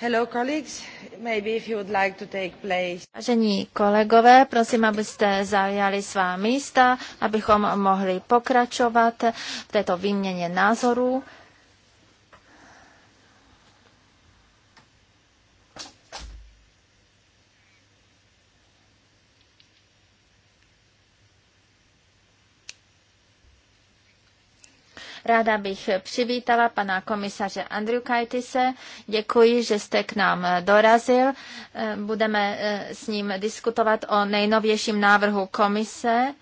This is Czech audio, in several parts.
Hello, colleagues. Maybe if you would like to take place. Vážení kolegové, prosím, abyste zaujali svá místa, abychom mohli pokračovat v této výměně názorů. Ráda bych přivítala pana komisaře Andrew Kajtise. Děkuji, že jste k nám dorazil. Budeme eh, s ním diskutovat o nejnovějším návrhu komise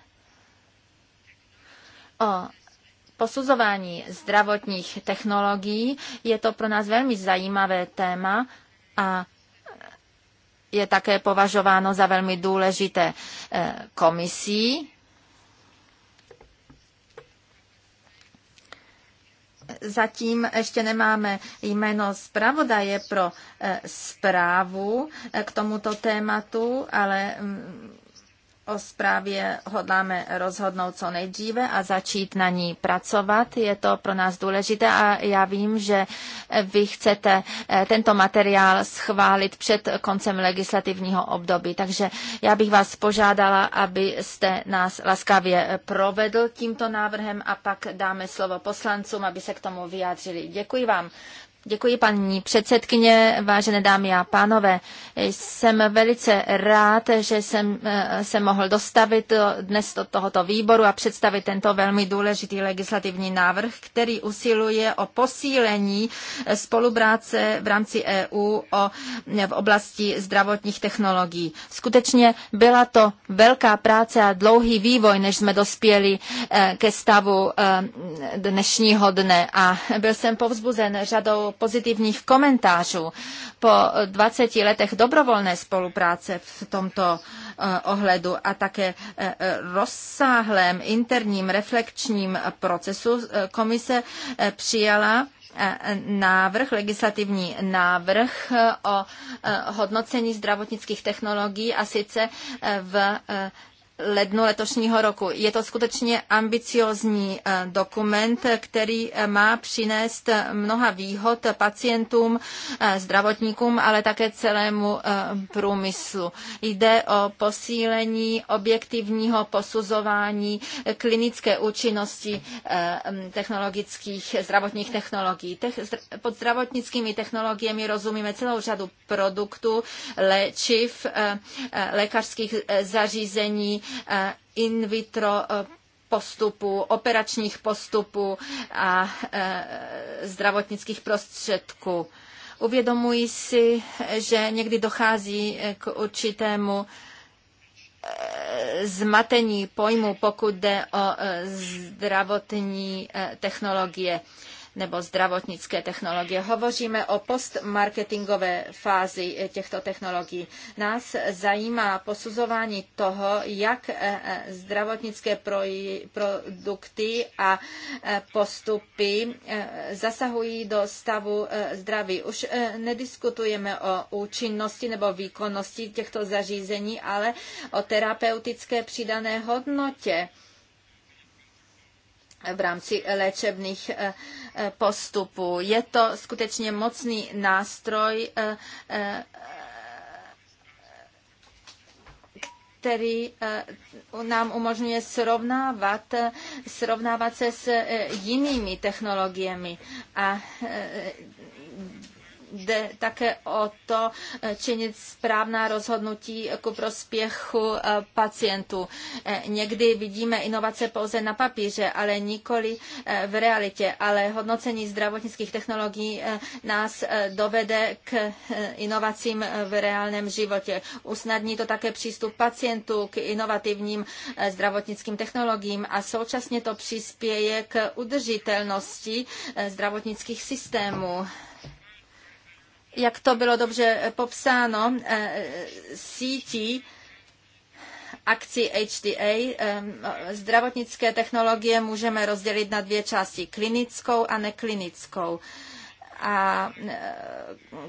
o posuzování zdravotních technologií. Je to pro nás velmi zajímavé téma a je také považováno za velmi důležité eh, komisí zatím ještě nemáme jméno zpravodaje pro eh, zprávu eh, k tomuto tématu, ale mm, O zprávě hodláme rozhodnout co nejdříve a začít na ní pracovat. Je to pro nás důležité a já vím, že vy chcete eh, tento materiál schválit před koncem legislativního období. Takže já bych vás požádala, abyste nás laskavě eh, provedl tímto návrhem a pak dáme slovo poslancům, aby se k tomu vyjádřili. Děkuji vám, Děkuji paní předsedkyně, vážené dámy a pánové. Jsem velice rád, že jsem eh, se mohl dostavit dnes do tohoto výboru a představit tento velmi důležitý legislativní návrh, který usiluje o posílení spolupráce v rámci EU o, v oblasti zdravotních technologií. Skutečně byla to velká práce a dlouhý vývoj, než jsme dospěli eh, ke stavu eh, dnešního dne a byl jsem povzbuzen řadou pozitivních komentářů. Po 20 letech dobrovolné spolupráce v tomto eh, ohledu a také eh, rozsáhlém interním reflekčním procesu eh, komise přijala návrh, legislativní návrh o hodnocení zdravotnických technologií a sice v lednu letošního roku. Je to skutečně ambiciozní eh, dokument, který eh, má přinést eh, mnoha výhod pacientům, zdravotníkům, ale také celému průmyslu. Jde o posílení objektivního posuzování klinické účinnosti technologických, zdravotních technologií. Pod zdravotnickými technologiemi rozumíme celou řadu produktů, léčiv, lékařských zařízení, Eh, in vitro eh, postupů, operačních postupů a eh, zdravotnických prostředků. Uvědomuji si, že někdy dochází k určitému zmatení pojmu, pokud jde o zdravotní technologie nebo zdravotnické technologie. Hovoříme o postmarketingové fázi těchto technologií. Nás zajímá posuzování toho, jak eh, eh, zdravotnické produkty a eh, postupy zasahují do stavu zdraví. Už nediskutujeme o účinnosti nebo výkonnosti těchto zařízení, ale o terapeutické přidané hodnotě v rámci léčebných eh, eh, postupů. Je to skutečně mocný nástroj, eh, který nám umožňuje srovnávat, srovnávat se s jinými technologiemi a jde také o to eh, činit správná rozhodnutí ku prospěchu eh, pacientů. Eh, někdy vidíme inovace pouze na papíře, ale nikoli v realitě, ale hodnocení zdravotnických technologií nás dovede k inovacím v reálném životě. Usnadní to také přístup pacientů k inovativním zdravotnickým technologiím a současně to přispěje k udržitelnosti zdravotnických systémů jak to bylo dobře eh, popsáno, eh, sítí akcí HDA ehm, zdravotnické technologie můžeme rozdělit na dvě části, klinickou a neklinickou a e,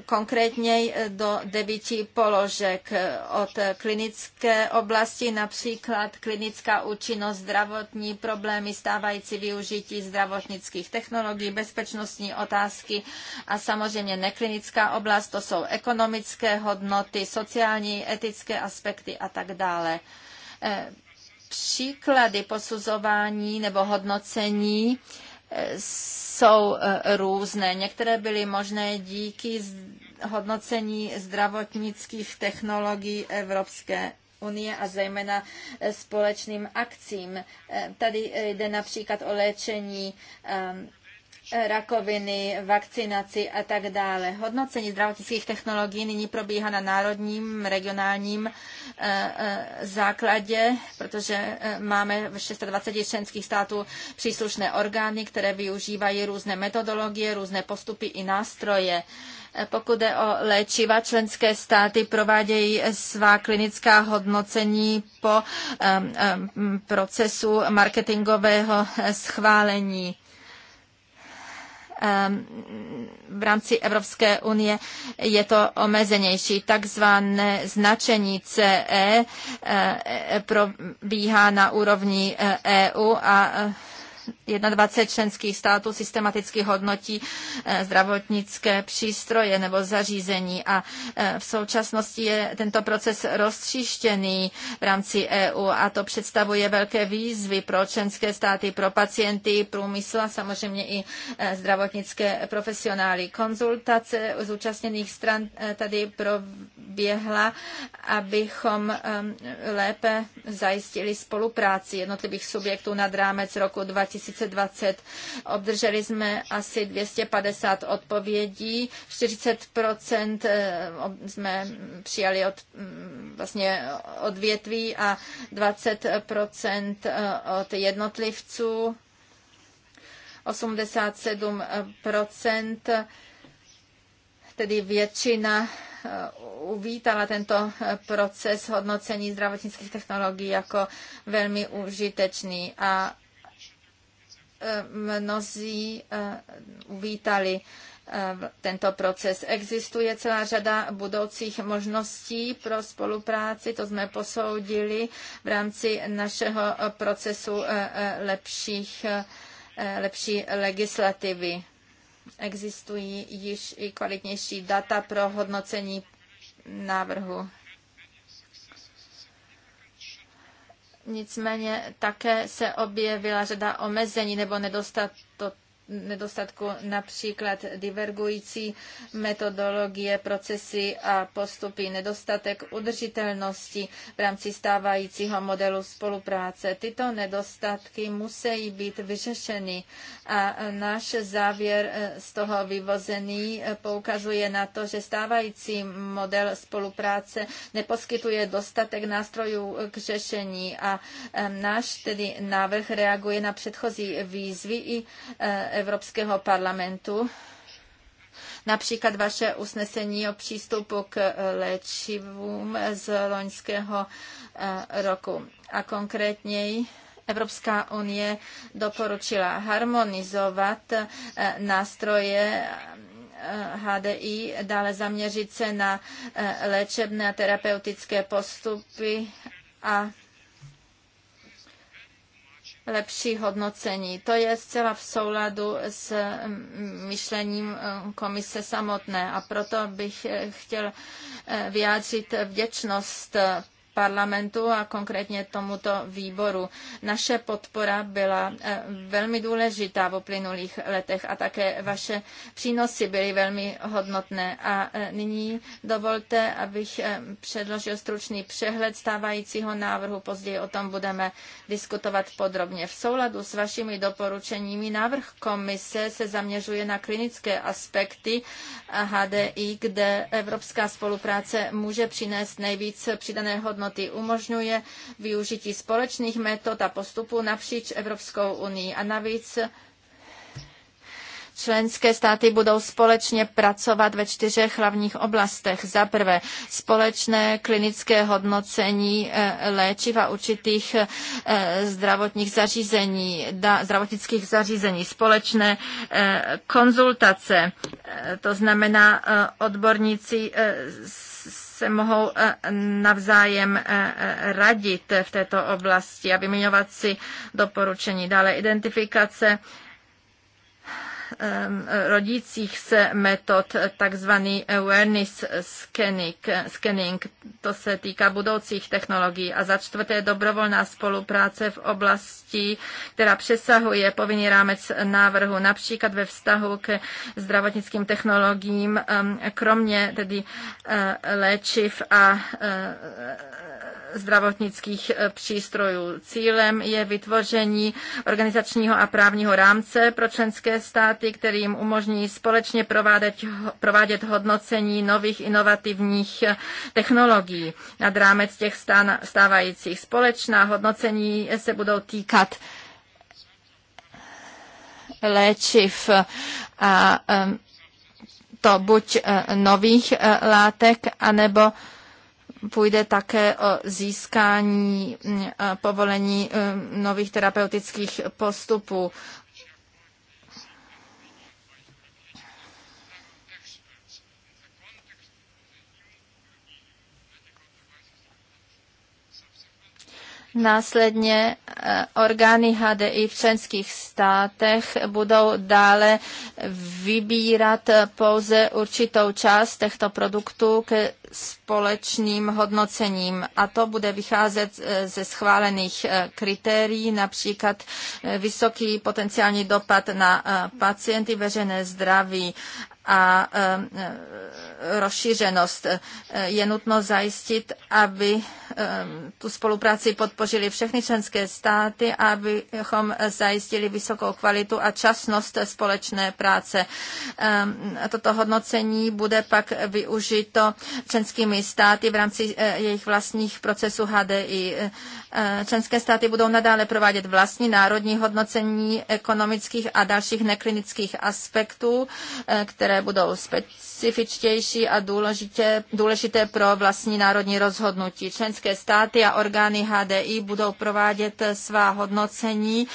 konkrétně e, do devíti položek e, od klinické oblasti, například klinická účinnost, zdravotní problémy, stávající využití zdravotnických technologií, bezpečnostní otázky a samozřejmě neklinická oblast, to jsou ekonomické hodnoty, sociální, etické aspekty a tak dále. Příklady posuzování nebo hodnocení jsou eh, různé. Některé byly možné díky hodnocení zdravotnických technologií Evropské unie a zejména eh, společným akcím. Eh, tady jde například o léčení ehm, E, rakoviny, vakcinaci a tak dále. Hodnocení zdravotnických technologií nyní probíhá na národním, regionálním e, e, základě, protože máme v 620 členských států příslušné orgány, které využívají různé metodologie, různé postupy i nástroje. Pokud je o léčiva, členské státy provádějí svá klinická hodnocení po procesu marketingového schválení. Ehm, v rámci Evropské unie je to omezenější. Takzvané značení CE eh, eh, probíhá na úrovni EU eh, e a 21 členských států systematicky hodnotí eh, zdravotnické přístroje nebo zařízení a eh, v současnosti je tento proces roztříštěný v rámci EU a to představuje velké výzvy pro členské státy, pro pacienty, průmysl a samozřejmě i eh, zdravotnické profesionály. Konzultace zúčastněných stran tady pro proběhla, abychom um, lépe zajistili spolupráci jednotlivých subjektů nad rámec roku 2020. Obdrželi jsme asi 250 odpovědí, 40 eh, jsme přijali od mm, vlastně odvětví a 20 eh, od jednotlivců. 87 tedy většina Eh, uvítala tento eh, proces hodnocení zdravotnických technologií jako velmi užitečný a eh, mnozí uvítali tento proces. Existuje celá řada budoucích možností pro spolupráci, to jsme posoudili v rámci našeho procesu lepších, lepší legislativy existují již i kvalitnější data pro hodnocení návrhu. Nicméně také se objevila řada omezení nebo nedostatek nedostatku například divergující metodologie, procesy a postupy, nedostatek udržitelnosti v rámci stávajícího modelu spolupráce. Tyto nedostatky musí být vyřešeny a náš závěr eh, z toho vyvozený eh, poukazuje na to, že stávající model spolupráce neposkytuje dostatek nástrojů eh, k řešení a náš tedy návrh reaguje na předchozí výzvy i Evropského parlamentu, například vaše usnesení o přístupu k léčivům z loňského eh, roku. A konkrétněji Evropská unie doporučila harmonizovat eh, nástroje HDI, eh, dále zaměřit se na léčebné a terapeutické postupy a lepší hodnocení. To je zcela v souladu s mm, myšlením mm, komise samotné a proto bych eh, chtěl eh, vyjádřit vděčnost eh, parlamentu a konkrétně tomuto výboru. Naše podpora byla eh, velmi důležitá v uplynulých letech a také vaše přínosy byly velmi hodnotné. A eh, nyní dovolte, abych eh, předložil stručný přehled stávajícího návrhu. Později o tom budeme diskutovat podrobně. V souladu s vašimi doporučeními návrh komise se zaměřuje na klinické aspekty HDI, kde evropská spolupráce může přinést nejvíc přidané hodnoty hodnoty, umožňuje využití společných metod a postupů napříč Evropskou unii a navíc Členské státy budou společně pracovat ve čtyřech hlavních oblastech. Za prvé společné klinické hodnocení eh, léčiv a určitých eh, zdravotních zařízení, zdravotnických zařízení, společné eh, konzultace, to znamená odborníci z se mohou eh, navzájem eh, eh, radit v této oblasti a vyměňovat si doporučení. Dále identifikace rodících se metod, takzvaný awareness scanning, scanning. To se týká budoucích technologií. A za čtvrté dobrovolná spolupráce v oblasti, která přesahuje povinný rámec návrhu, například ve vztahu k zdravotnickým technologiím, kromě tedy eh, léčiv a eh, zdravotnických eh, přístrojů. Cílem je vytvoření organizačního a právního rámce pro členské státy, který jim umožní společně provádět, provádět hodnocení nových inovativních eh, technologií nad rámec těch stávajících. Společná hodnocení eh, se budou týkat léčiv a to buď nových látek, anebo půjde také o získání mm, povolení mm, nových terapeutických postupů. Následně eh, orgány HDI v členských státech budou dále vybírat eh, pouze určitou část těchto produktů společným hodnocením a to bude vycházet e, ze schválených e, kritérií, například e, vysoký potenciální dopad na pacienty, veřejné zdraví a rozšířenost. Je nutno zajistit, aby tu spolupráci podpořili všechny členské státy, abychom zajistili vysokou kvalitu a časnost společné práce. Toto hodnocení bude pak využito členské členskými státy v rámci eh, jejich vlastních procesů HDI. Eh, eh, členské státy budou nadále provádět vlastní národní hodnocení ekonomických a dalších neklinických aspektů, které budou specifičtější a důležité, důležité pro vlastní národní rozhodnutí. Členské státy a orgány HDI budou provádět svá hodnocení,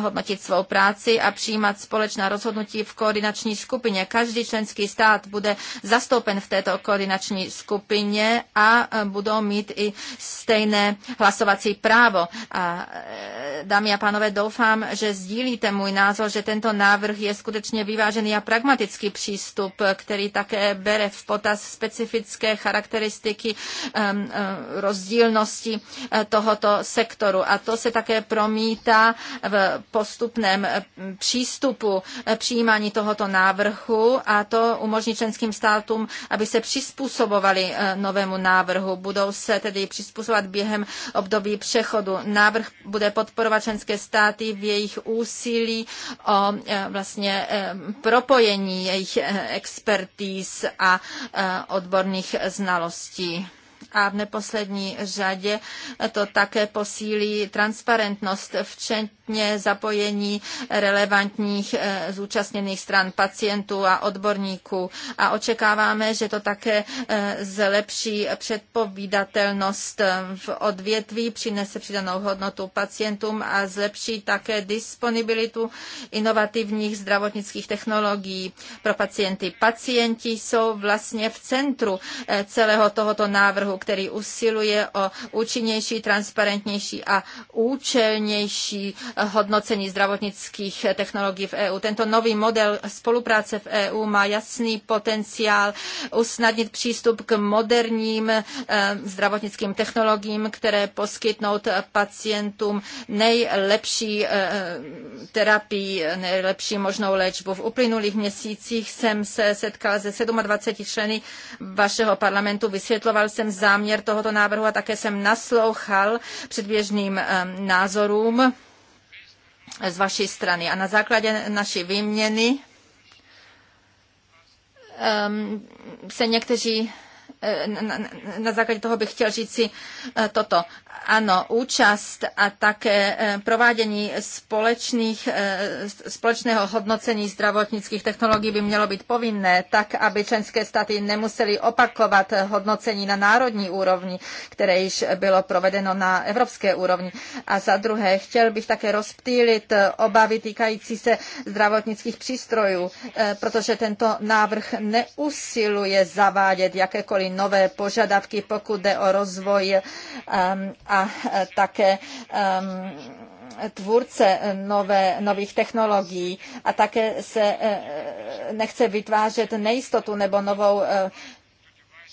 hodnotit svou práci a přijímat společná rozhodnutí v koordinační skupině. Každý členský stát bude zastoupen v této koordinační konzultační skupině a e, budou mít i stejné hlasovací právo. A, e, dámy a pánové, doufám, že sdílíte můj názor, že tento návrh je skutečně vyvážený a pragmatický přístup, který také bere v potaz specifické charakteristiky e, rozdílnosti tohoto sektoru. A to se také promítá v postupném přístupu přijímání tohoto návrhu a to umožní členským státům, aby se přizpůsobili přizpůsobovali eh, novému návrhu. Budou se tedy přizpůsobovat během období přechodu. Návrh bude podporovat členské státy v jejich úsilí o eh, vlastně eh, propojení jejich expertíz a odborných znalostí a v neposlední řadě to také posílí transparentnost, včetně zapojení relevantních eh, zúčastněných stran pacientů a odborníků. A očekáváme, že to také eh, zlepší předpovídatelnost eh, v odvětví, přinese přidanou hodnotu pacientům a zlepší také disponibilitu inovativních zdravotnických technologií pro pacienty. Pacienti jsou vlastně v centru celého tohoto návrhu který usiluje o účinnější, transparentnější a účelnější eh, hodnocení zdravotnických eh, technologií v EU. Tento nový model spolupráce v EU má jasný potenciál usnadnit přístup k moderním eh, zdravotnickým technologiím, které poskytnout pacientům nejlepší terapii, nejlepší možnou léčbu. V uplynulých měsících jsem se setkal se 27 členy vašeho parlamentu, vysvětloval jsem za záměr tohoto návrhu a také jsem naslouchal předběžným eh, názorům z vaší strany. A na základě naší výměny ehm, se někteří Eh, na základě toho bych chtěl říct si eh, toto. Ano, účast a také eh, provádění společných, společného hodnocení zdravotnických technologií by mělo být povinné, tak aby členské státy nemuseli opakovat hodnocení na národní úrovni, které již bylo provedeno na evropské úrovni. A za druhé, chtěl bych také rozptýlit obavy týkající se zdravotnických přístrojů, protože tento návrh neusiluje zavádět jakékoliv nové požadavky, pokud jde o rozvoj um, a eh, také um, tvůrce nové, nových technologií a také se eh, nechce vytvářet nejistotu nebo novou eh,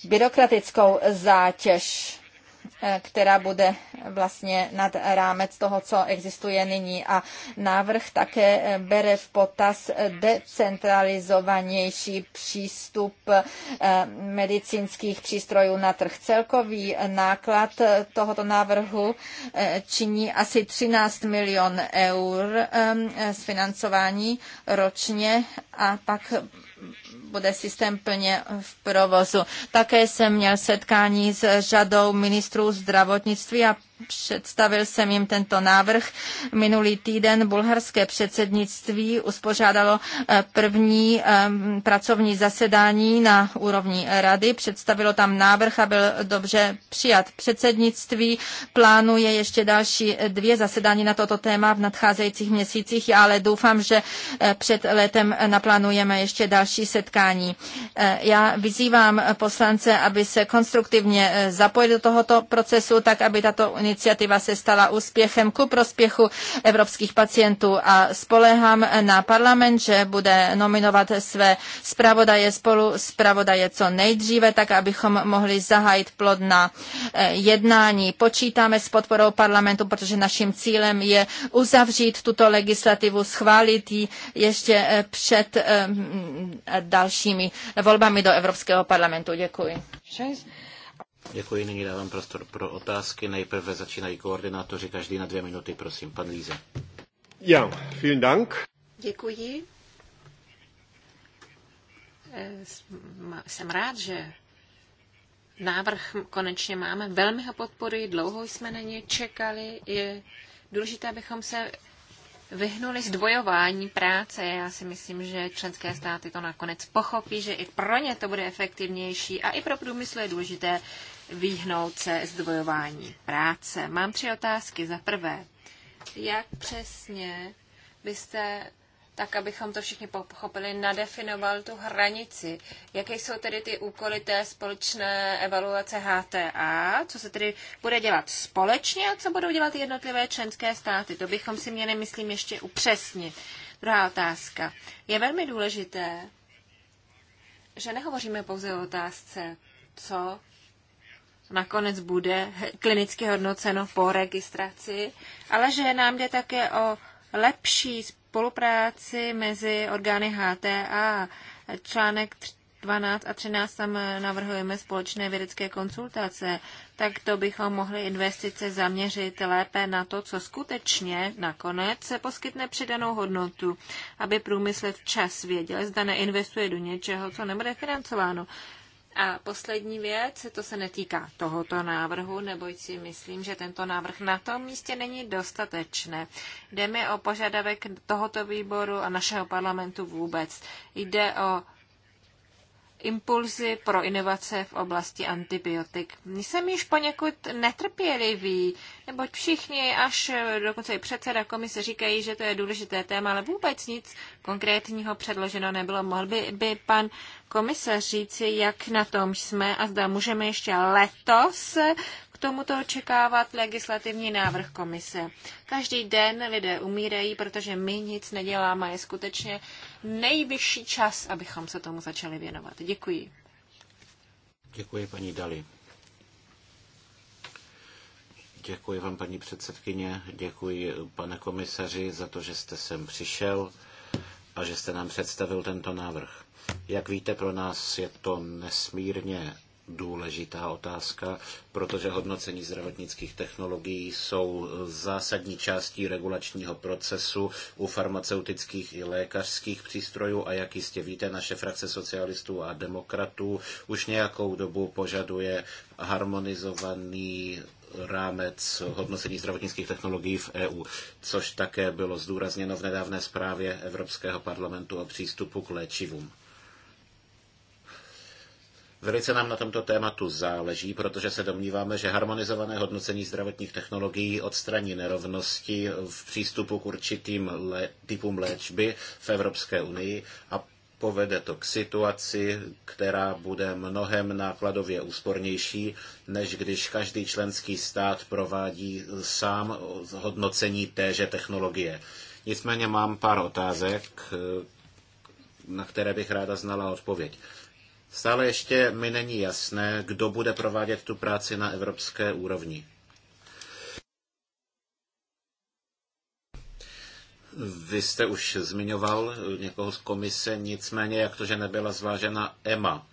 byrokratickou zátěž Eh, která bude vlastně nad rámec toho, co existuje nyní. A návrh také eh, bere v potaz decentralizovanější přístup eh, medicínských přístrojů na trh. Celkový náklad tohoto návrhu činí asi 13 milion eur z financování ročně a pak bude systém plně v provozu. Také jsem měl setkání s řadou ministrů zdravotnictví a Představil jsem jim tento návrh. Minulý týden bulharské předsednictví uspořádalo eh, první eh, pracovní zasedání na úrovni rady. Představilo tam návrh a byl dobře přijat. Předsednictví plánuje ještě další eh, dvě zasedání na toto téma v nadcházejících měsících. ale doufám, že před létem naplánujeme ještě další setkání. Já vyzývám poslance, aby se konstruktivně zapojili do tohoto procesu, tak aby tato iniciativa se stala úspěchem ku prospěchu evropských pacientů a spolehám na parlament, že bude nominovat své zpravodaje spolu zpravodaje co nejdříve, tak abychom mohli zahájit plodná eh, jednání. Počítáme s podporou parlamentu, protože naším cílem je uzavřít tuto legislativu, schválit ji ještě eh, před eh, dalšími volbami do Evropského parlamentu. Děkuji. Děkuji, nyní dávám prostor pro otázky. Nejprve začínají koordinátoři, každý na dvě minuty, prosím. Pan Líze. Já. vielen Dank. Děkuji. Eh, jsem rád, že návrh konečně máme. Velmi ho podporuji, dlouho jsme na ně čekali. Je důležité, abychom se vyhnuli zdvojování práce. Já si myslím, že členské státy to nakonec pochopí, že i pro ně to bude efektivnější a i pro průmysl je důležité vyhnout se zdvojování práce. Mám tři otázky. Za prvé, jak přesně byste tak abychom to všichni pochopili, nadefinoval tu hranici. Jaké jsou tedy ty úkoly té společné evaluace HTA, co se tedy bude dělat společně a co budou dělat jednotlivé členské státy. To bychom si měli, myslím, ještě upřesnit. Druhá otázka. Je velmi důležité, že nehovoříme pouze o otázce, co nakonec bude klinicky hodnoceno po registraci, ale že nám jde také o lepší spolupráci mezi orgány HTA. Článek 12 a 13 tam eh, navrhujeme společné vědecké konsultace, tak to bychom mohli investice zaměřit lépe na to, co skutečně nakonec se poskytne přidanou hodnotu, aby průmysl včas věděl, zda neinvestuje do něčeho, co nebude financováno. A poslední věc, to se netýká tohoto návrhu, neboť si myslím, že tento návrh na tom místě není dostatečné. Jde mi o požadavek tohoto výboru a našeho parlamentu vůbec. Jde o impulzy pro inovace v oblasti antibiotik. Jsem již poněkud netrpělivý, neboť všichni, až dokonce i předseda komise, říkají, že to je důležité téma, ale vůbec nic konkrétního předloženo nebylo. Mohl by, by pan komisař říci, jak na tom jsme a zda můžeme ještě letos k tomuto očekávat legislativní návrh komise. Každý den lidé umírají, protože my nic neděláme. Je skutečně nejvyšší čas, abychom se tomu začali věnovat. Děkuji. Děkuji, paní Dali. Děkuji vám, paní předsedkyně, děkuji, pane komisaři, za to, že jste sem přišel a že jste nám představil tento návrh. Jak víte, pro nás je to nesmírně důležitá otázka, protože hodnocení zdravotnických technologií jsou zásadní částí regulačního procesu u farmaceutických i lékařských přístrojů a jak jistě víte, naše frakce socialistů a demokratů už nějakou dobu požaduje harmonizovaný rámec hodnocení zdravotnických technologií v EU, což také bylo zdůrazněno v nedávné zprávě Evropského parlamentu o přístupu k léčivům. Velice nám na tomto tématu záleží, protože se domníváme, že harmonizované hodnocení zdravotních technologií odstraní nerovnosti v přístupu k určitým le- typům léčby v Evropské unii a povede to k situaci, která bude mnohem nákladově úspornější, než když každý členský stát provádí sám hodnocení téže technologie. Nicméně mám pár otázek, na které bych ráda znala odpověď. Stále ještě mi není jasné, kdo bude provádět tu práci na evropské úrovni. Vy jste už zmiňoval někoho z komise, nicméně jak to, že nebyla zvážena EMA,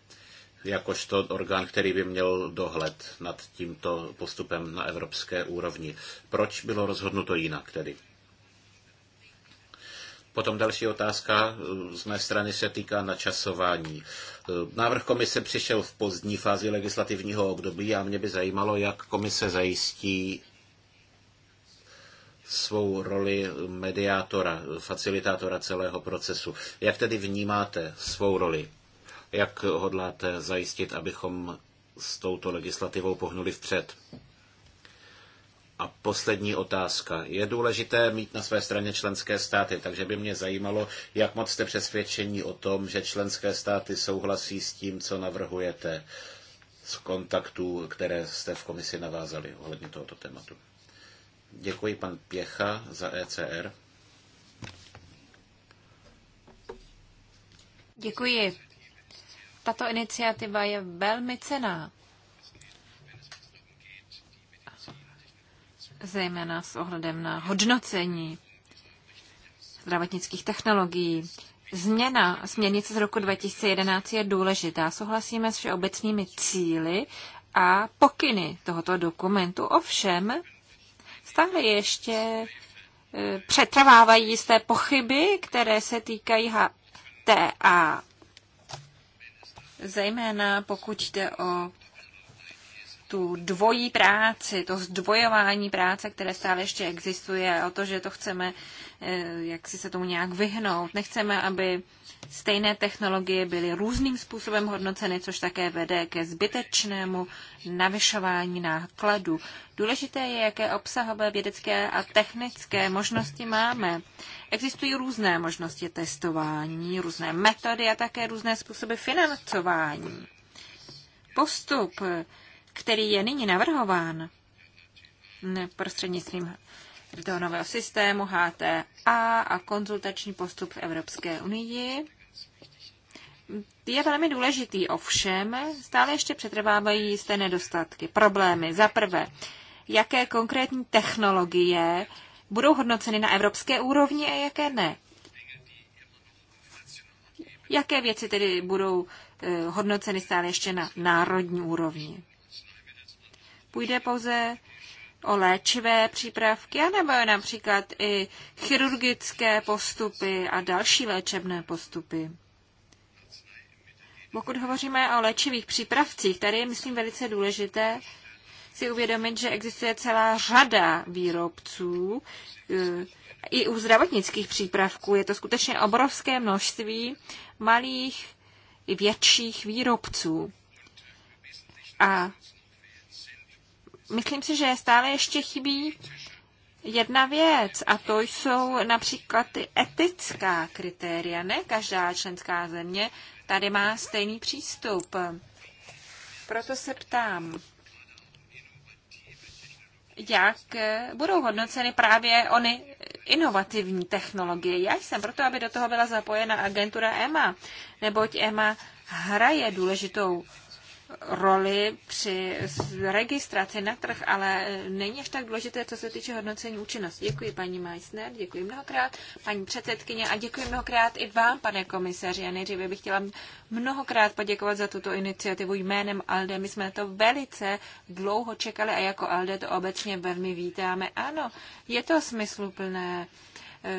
jakožto orgán, který by měl dohled nad tímto postupem na evropské úrovni. Proč bylo rozhodnuto jinak tedy? Potom další otázka eh, z mé strany se týká načasování. Eh, návrh komise přišel v pozdní fázi legislativního období a mě by zajímalo, jak komise zajistí svou roli mediátora, facilitátora celého procesu. Jak tedy vnímáte svou roli? Jak hodláte zajistit, abychom s touto legislativou pohnuli vpřed? A poslední otázka. Je důležité mít na své straně členské státy, takže by mě zajímalo, jak moc jste přesvědčení o tom, že členské státy souhlasí s tím, co navrhujete z kontaktů, které jste v komisi navázali ohledně tohoto tématu. Děkuji pan Pěcha za ECR. Děkuji. Tato iniciativa je velmi cená. zejména s ohledem na hodnocení zdravotnických technologií. Změna směrnice z roku 2011 je důležitá. Souhlasíme s všeobecnými cíly a pokyny tohoto dokumentu. Ovšem, stále ještě e, přetrvávají jisté pochyby, které se týkají HTA. Zejména pokud jde o tu dvojí práci, to zdvojování práce, které stále ještě existuje, o to, že to chceme, eh, jak si se tomu nějak vyhnout. Nechceme, aby stejné technologie byly různým způsobem hodnoceny, což také vede ke zbytečnému navyšování nákladu. Důležité je, jaké obsahové vědecké a technické možnosti máme. Existují různé možnosti testování, různé metody a také různé způsoby financování. Postup který je nyní navrhován prostřednictvím toho nového systému HTA a konzultační postup v Evropské unii, je velmi důležitý, ovšem stále ještě přetrvávají jisté nedostatky, problémy. Za prvé, jaké konkrétní technologie budou hodnoceny na evropské úrovni a jaké ne. Jaké věci tedy budou eh, hodnoceny stále ještě na národní úrovni? Půjde pouze o léčivé přípravky, anebo například i chirurgické postupy a další léčebné postupy. Pokud hovoříme o léčivých přípravcích, tady je, myslím, velice důležité si uvědomit, že existuje celá řada výrobců, eh, i u zdravotnických přípravků. Je to skutečně obrovské množství malých i větších výrobců. A myslím si, že stále ještě chybí jedna věc a to jsou například ty etická kritéria. Ne každá členská země tady má stejný přístup. Proto se ptám, jak budou hodnoceny právě ony inovativní technologie. Já jsem proto, aby do toho byla zapojena agentura EMA, neboť EMA hraje důležitou roli při registraci na trh, ale e, není až tak důležité, co se týče hodnocení účinnosti. Děkuji paní Meissner, děkuji mnohokrát paní předsedkyně a děkuji mnohokrát i vám, pane komisaři. Já nejdříve bych chtěla mnohokrát poděkovat za tuto iniciativu jménem ALDE. My jsme to velice dlouho čekali a jako ALDE to obecně velmi vítáme. Ano, je to smysluplné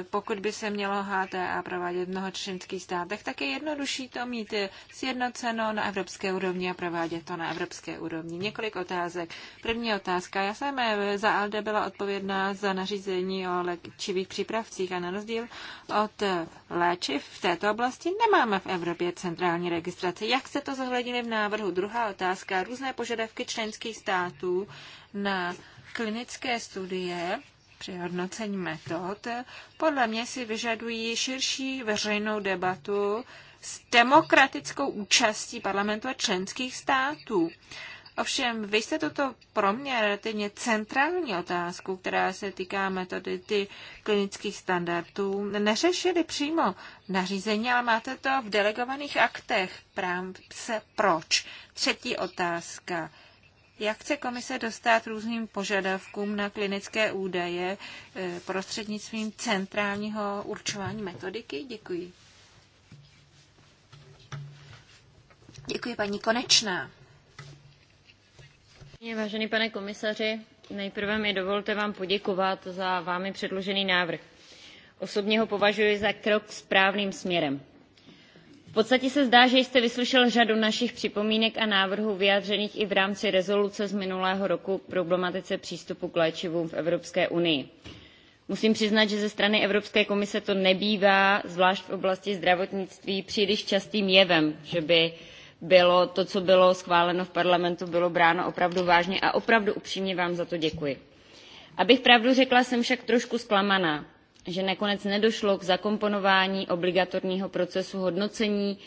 pokud by se mělo HTA provádět v mnoho členských státech, tak je jednodušší to mít sjednoceno na evropské úrovni a provádět to na evropské úrovni. Několik otázek. První otázka. Já jsem eh, za ALDE byla odpovědná za nařízení o léčivých přípravcích a na rozdíl od eh, léčiv v této oblasti nemáme v Evropě centrální registraci. Jak se to zohledili v návrhu? Druhá otázka. Různé požadavky členských států na klinické studie při hodnocení metod, podle mě si vyžadují širší veřejnou debatu s demokratickou účastí parlamentu a členských států. Ovšem, vy jste toto pro mě relativně centrální otázku, která se týká metody klinických standardů, neřešili přímo nařízení, ale máte to v delegovaných aktech. Právě se proč. Třetí otázka. Jak chce komise dostat různým požadavkům na klinické údaje eh, prostřednictvím centrálního určování metodiky? Děkuji. Děkuji, paní Konečná. Vážený pane komisaři, nejprve mi dovolte vám poděkovat za vámi předložený návrh. Osobně ho považuji za krok správným směrem podstatě se zdá, že jste vyslyšel řadu našich připomínek a návrhů vyjádřených i v rámci rezoluce z minulého roku k problematice přístupu k léčivům v Evropské unii. Musím přiznat, že ze strany Evropské komise to nebývá, zvlášť v oblasti zdravotnictví, příliš častým jevem, že by bylo to, co bylo schváleno v parlamentu, bylo bráno opravdu vážně a opravdu upřímně vám za to děkuji. Abych pravdu řekla, jsem však trošku zklamaná že nakonec nedošlo k zakomponování obligatorního procesu hodnocení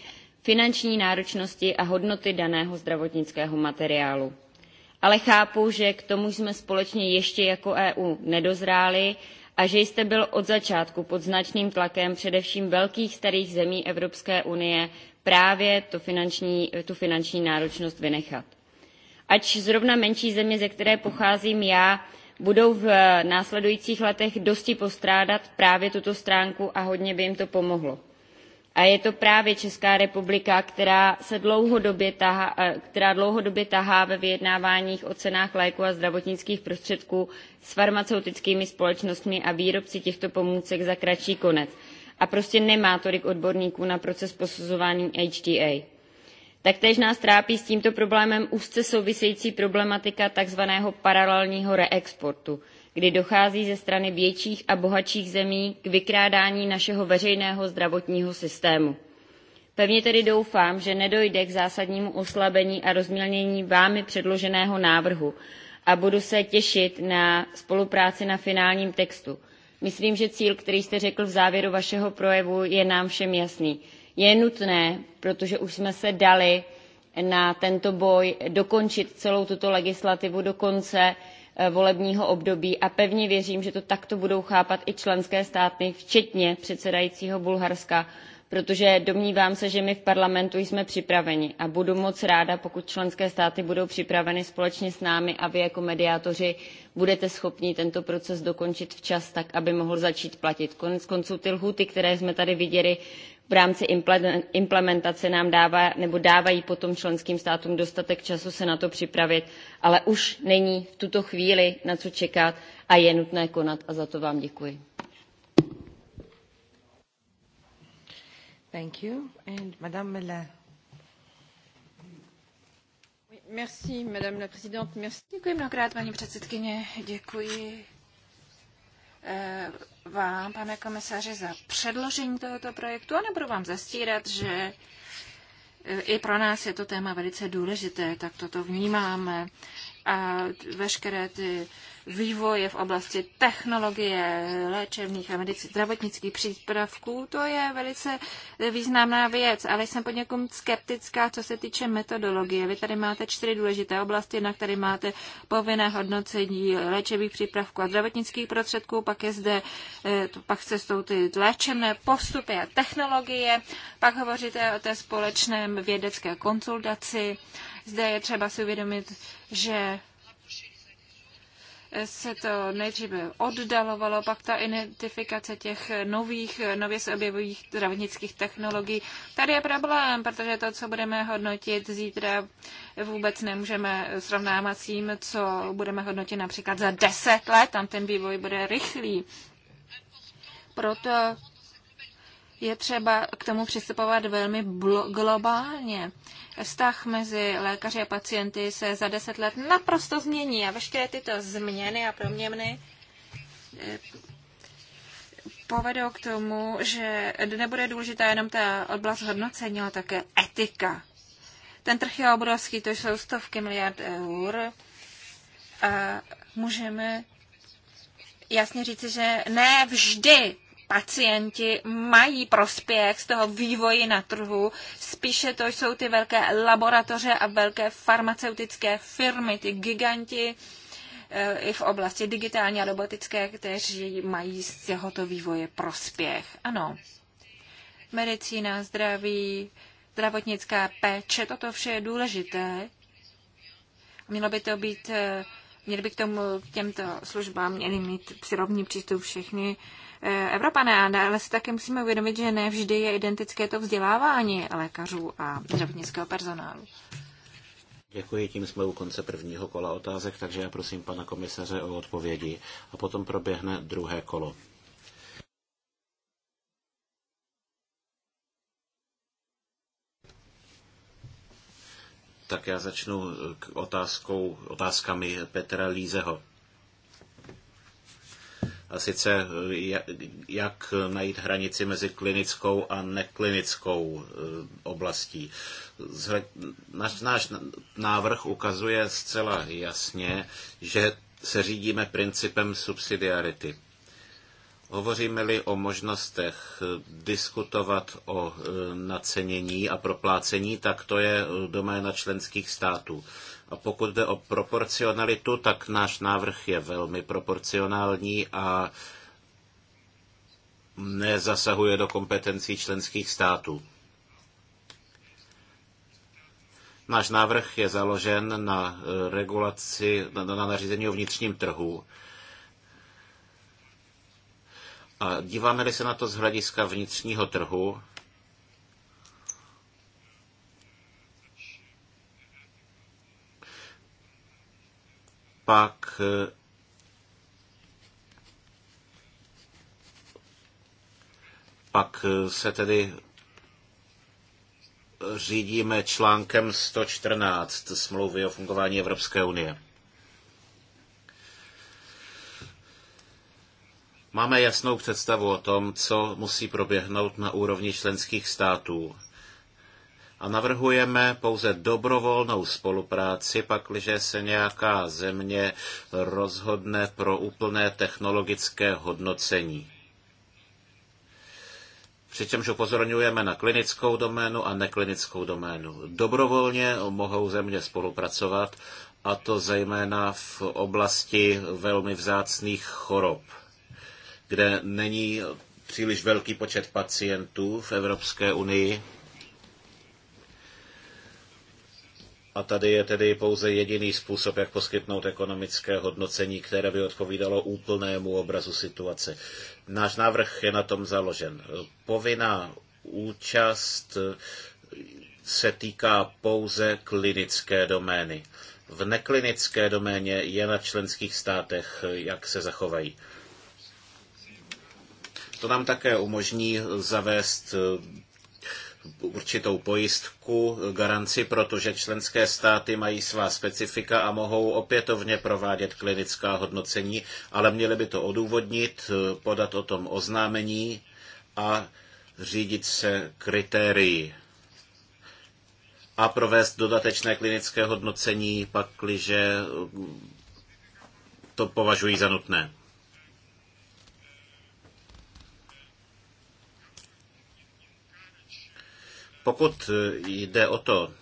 finanční náročnosti a hodnoty daného zdravotnického materiálu. Ale chápu, že k tomu jsme společně ještě jako EU nedozráli a že jste byl od začátku pod značným tlakem především velkých starých zemí Evropské unie právě tu finanční, tu finanční náročnost vynechat. Ač zrovna menší země, ze které pocházím já, budou v následujících letech dosti postrádat právě tuto stránku a hodně by jim to pomohlo. A je to právě Česká republika, která, se dlouhodobě tahá, eh, která dlouhodobě tahá ve vyjednáváních o cenách léku a zdravotnických prostředků s farmaceutickými společnostmi a výrobci těchto pomůcek za kratší konec. A prostě nemá tolik odborníků na proces posuzování HTA Taktéž nás trápí s tímto problémem úzce související problematika tzv. paralelního reexportu, kdy dochází ze strany větších a bohatších zemí k vykrádání našeho veřejného zdravotního systému. Pevně tedy doufám, že nedojde k zásadnímu oslabení a rozmělnění vámi předloženého návrhu a budu se těšit na spolupráci na finálním textu. Myslím, že cíl, který jste řekl v závěru vašeho projevu, je nám všem jasný je nutné, protože už jsme se dali na tento boj dokončit celou tuto legislativu do konce eh, volebního období a pevně věřím, že to takto budou chápat i členské státy, včetně předsedajícího Bulharska, protože domnívám se, že my v parlamentu jsme připraveni a budu moc ráda, pokud členské státy budou připraveny společně s námi a vy jako mediátoři budete schopni tento proces dokončit včas, tak aby mohl začít platit. Konec konců ty lhuty, které jsme tady viděli v rámci implementace nám dává nebo dávají potom členským státům dostatek času se na to připravit, ale už není v tuto chvíli na co čekat a je nutné konat a za to vám děkuji. Thank you. And Madame Miller. Merci, Madame la Présidente. Merci. Děkuji mnohokrát, paní předsedkyně. Děkuji Eh, vám, pane komisaři, za předložení tohoto projektu a nebudu vám zastírat, že eh, i pro nás je to téma velice důležité, tak toto vnímáme a veškeré ty vývoje v oblasti technologie, léčebných a medic- zdravotnických přípravků. To je velice významná věc, ale jsem někom skeptická, co se týče metodologie. Vy tady máte čtyři důležité oblasti, na které máte povinné hodnocení léčebných přípravků a zdravotnických prostředků, pak je zde, eh, pak se jsou ty léčebné postupy a technologie, pak hovoříte o té společném vědecké konsultaci, Zde je třeba si uvědomit, že se to nejdříve oddalovalo, pak ta identifikace těch nových, nově se objevujících zdravotnických technologií. Tady je problém, protože to, co budeme hodnotit zítra, vůbec nemůžeme srovnávat s tím, co budeme hodnotit například za deset let, tam ten vývoj bude rychlý. Proto je třeba k tomu přistupovat velmi globálně. Vztah mezi lékaři a pacienty se za deset let naprosto změní a veškeré tyto změny a proměny eh, povedou k tomu, že nebude důležitá jenom ta oblast hodnocení, ale také etika. Ten trh je obrovský, to jsou stovky miliard eur a můžeme jasně říci, že ne vždy pacienti mají prospěch z toho vývoji na trhu. Spíše to jsou ty velké laboratoře a velké farmaceutické firmy, ty giganti eh, i v oblasti digitální a robotické, kteří mají z tohoto vývoje prospěch. Ano, medicína, zdraví, zdravotnická péče, toto vše je důležité. Mělo by to být, eh, měli by k tomu k těmto službám měli mít přirovný přístup všechny Eh, Evropané, ale si také musíme uvědomit, že ne vždy je identické to vzdělávání lékařů a zdravotnického personálu. Děkuji, tím jsme u konce prvního kola otázek, takže já prosím pana komisaře o odpovědi a potom proběhne druhé kolo. Tak já začnu k otázkou, otázkami Petra Lízeho. A sice eh, jak najít hranici mezi klinickou a neklinickou eh, oblastí. Náš, náš návrh ukazuje zcela jasně, že se řídíme principem subsidiarity. Hovoříme-li o možnostech eh, diskutovat o nacenění a proplácení, tak to je doména členských států. A pokud jde o proporcionalitu, tak náš návrh je velmi proporcionální a nezasahuje do kompetencí členských států. Náš návrh je založen na eh, regulaci, na nařízení o vnitřním trhu. A díváme-li se na to z hlediska vnitřního trhu, pak pak se tedy řídíme článkem 114 smlouvy o fungování Evropské unie. Máme jasnou představu o tom, co musí proběhnout na úrovni členských států a navrhujeme pouze dobrovolnou spolupráci, pakliže se nějaká země rozhodne pro úplné technologické hodnocení. Přičemž upozorňujeme na klinickou doménu a neklinickou doménu. Dobrovolně mohou země spolupracovat, a to zejména v oblasti velmi vzácných chorob, kde není příliš velký počet pacientů v Evropské unii A tady je tedy pouze jediný způsob, jak poskytnout ekonomické hodnocení, které by odpovídalo úplnému obrazu situace. Náš návrh je na tom založen. Povinná účast se týká pouze klinické domény. V neklinické doméně je na členských státech, jak se zachovají. To nám také umožní zavést určitou pojistku, garanci, protože členské státy mají svá specifika a mohou opětovně provádět klinická hodnocení, ale měly by to odůvodnit, podat o tom oznámení a řídit se kritérii a provést dodatečné klinické hodnocení, pakliže to považují za nutné. Pokud jde o to,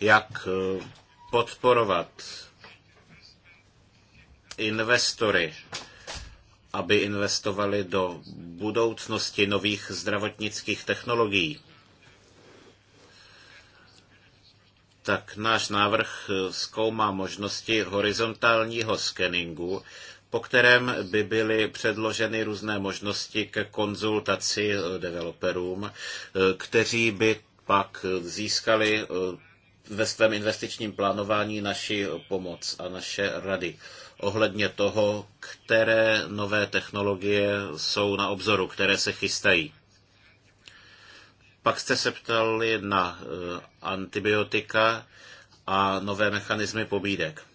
jak podporovat investory, aby investovali do budoucnosti nových zdravotnických technologií. tak náš návrh eh, zkoumá možnosti horizontálního skeningu, po kterém by byly předloženy různé možnosti ke konzultaci eh, developerům, eh, kteří by pak získali ve svém investičním plánování naši pomoc a naše rady ohledně toho, které nové technologie jsou na obzoru, které se chystají. Pak jste se ptali na eh, antibiotika a nové mechanismy pobídek.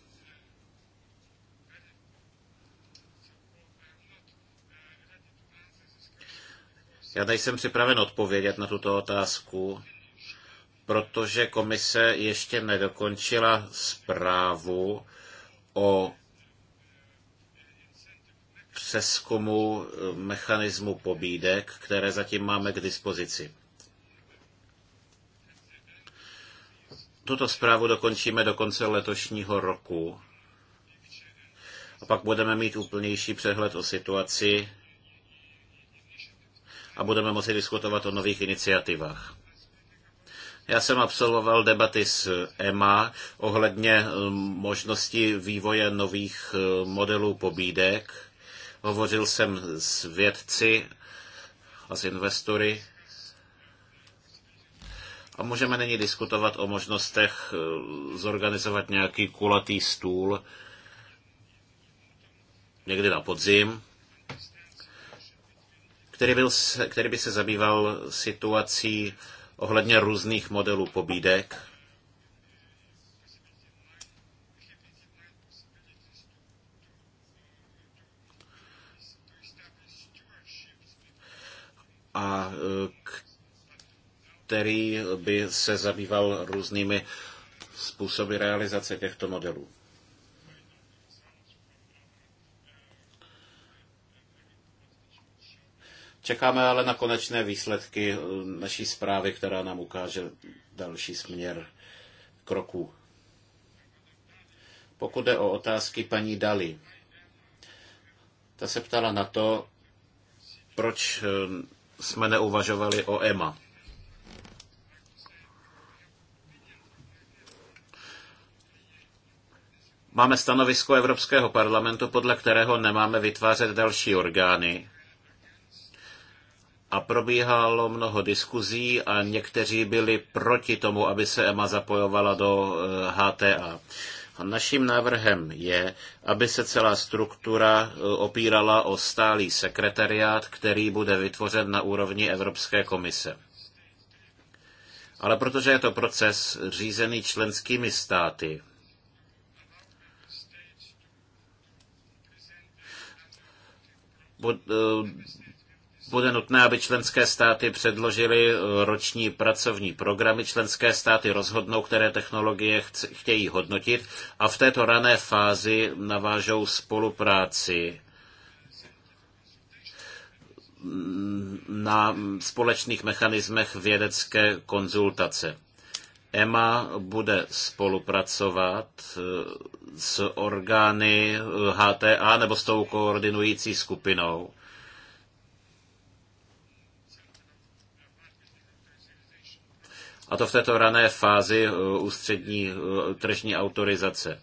Já nejsem připraven odpovědět na tuto otázku, protože komise ještě nedokončila zprávu o přeskumu eh, mechanismu pobídek, které zatím máme k dispozici. Tuto zprávu dokončíme do konce letošního roku. A pak budeme mít úplnější přehled o situaci a budeme moci diskutovat o nových iniciativách. Já jsem absolvoval debaty s EMA ohledně eh, možnosti vývoje nových eh, modelů pobídek. Hovořil jsem s vědci a s investory a můžeme nyní diskutovat o možnostech eh, zorganizovat nějaký kulatý stůl někdy na podzim, který, byl, který by se zabýval situací ohledně různých modelů pobídek. A eh, který by se zabýval různými způsoby realizace těchto modelů. Čekáme ale na konečné výsledky eh, naší zprávy, která nám ukáže další směr kroků. Pokud jde o otázky paní Dali, ta se ptala na to, proč eh, jsme neuvažovali o EMA. Máme stanovisko Evropského parlamentu, podle kterého nemáme vytvářet další orgány. A probíhalo mnoho diskuzí a někteří byli proti tomu, aby se EMA zapojovala do HTA. Eh, a naším návrhem je, aby se celá struktura eh, opírala o stálý sekretariát, který bude vytvořen na úrovni Evropské komise. Ale protože je to proces řízený členskými státy, Eh, bude nutné, aby členské státy předložily eh, roční pracovní programy. Členské státy rozhodnou, které technologie chtějí hodnotit a v této rané fázi navážou spolupráci na společných mechanismech vědecké konzultace. EMA bude spolupracovat eh, s orgány HTA eh, nebo s tou koordinující skupinou. A to v této rané fázi eh, ústřední tržní autorizace.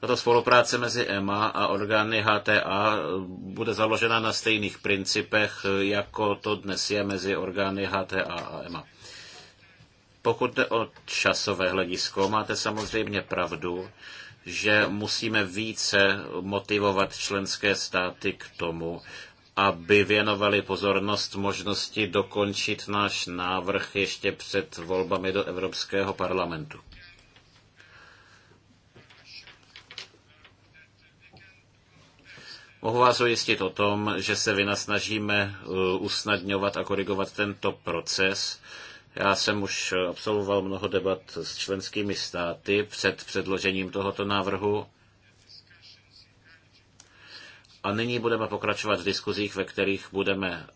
Tato spolupráce mezi EMA a orgány HTA bude založena na stejných principech, jako to dnes je mezi orgány HTA a EMA. Pokud jde o časové hledisko, máte samozřejmě pravdu, že musíme více motivovat členské státy k tomu, aby věnovali pozornost možnosti dokončit náš návrh ještě před volbami do Evropského parlamentu. Mohu vás ujistit o tom, že se vynasnažíme uh, usnadňovat a korigovat tento proces já jsem už absolvoval mnoho debat s členskými státy před předložením tohoto návrhu. A nyní budeme pokračovat v diskuzích, ve kterých budeme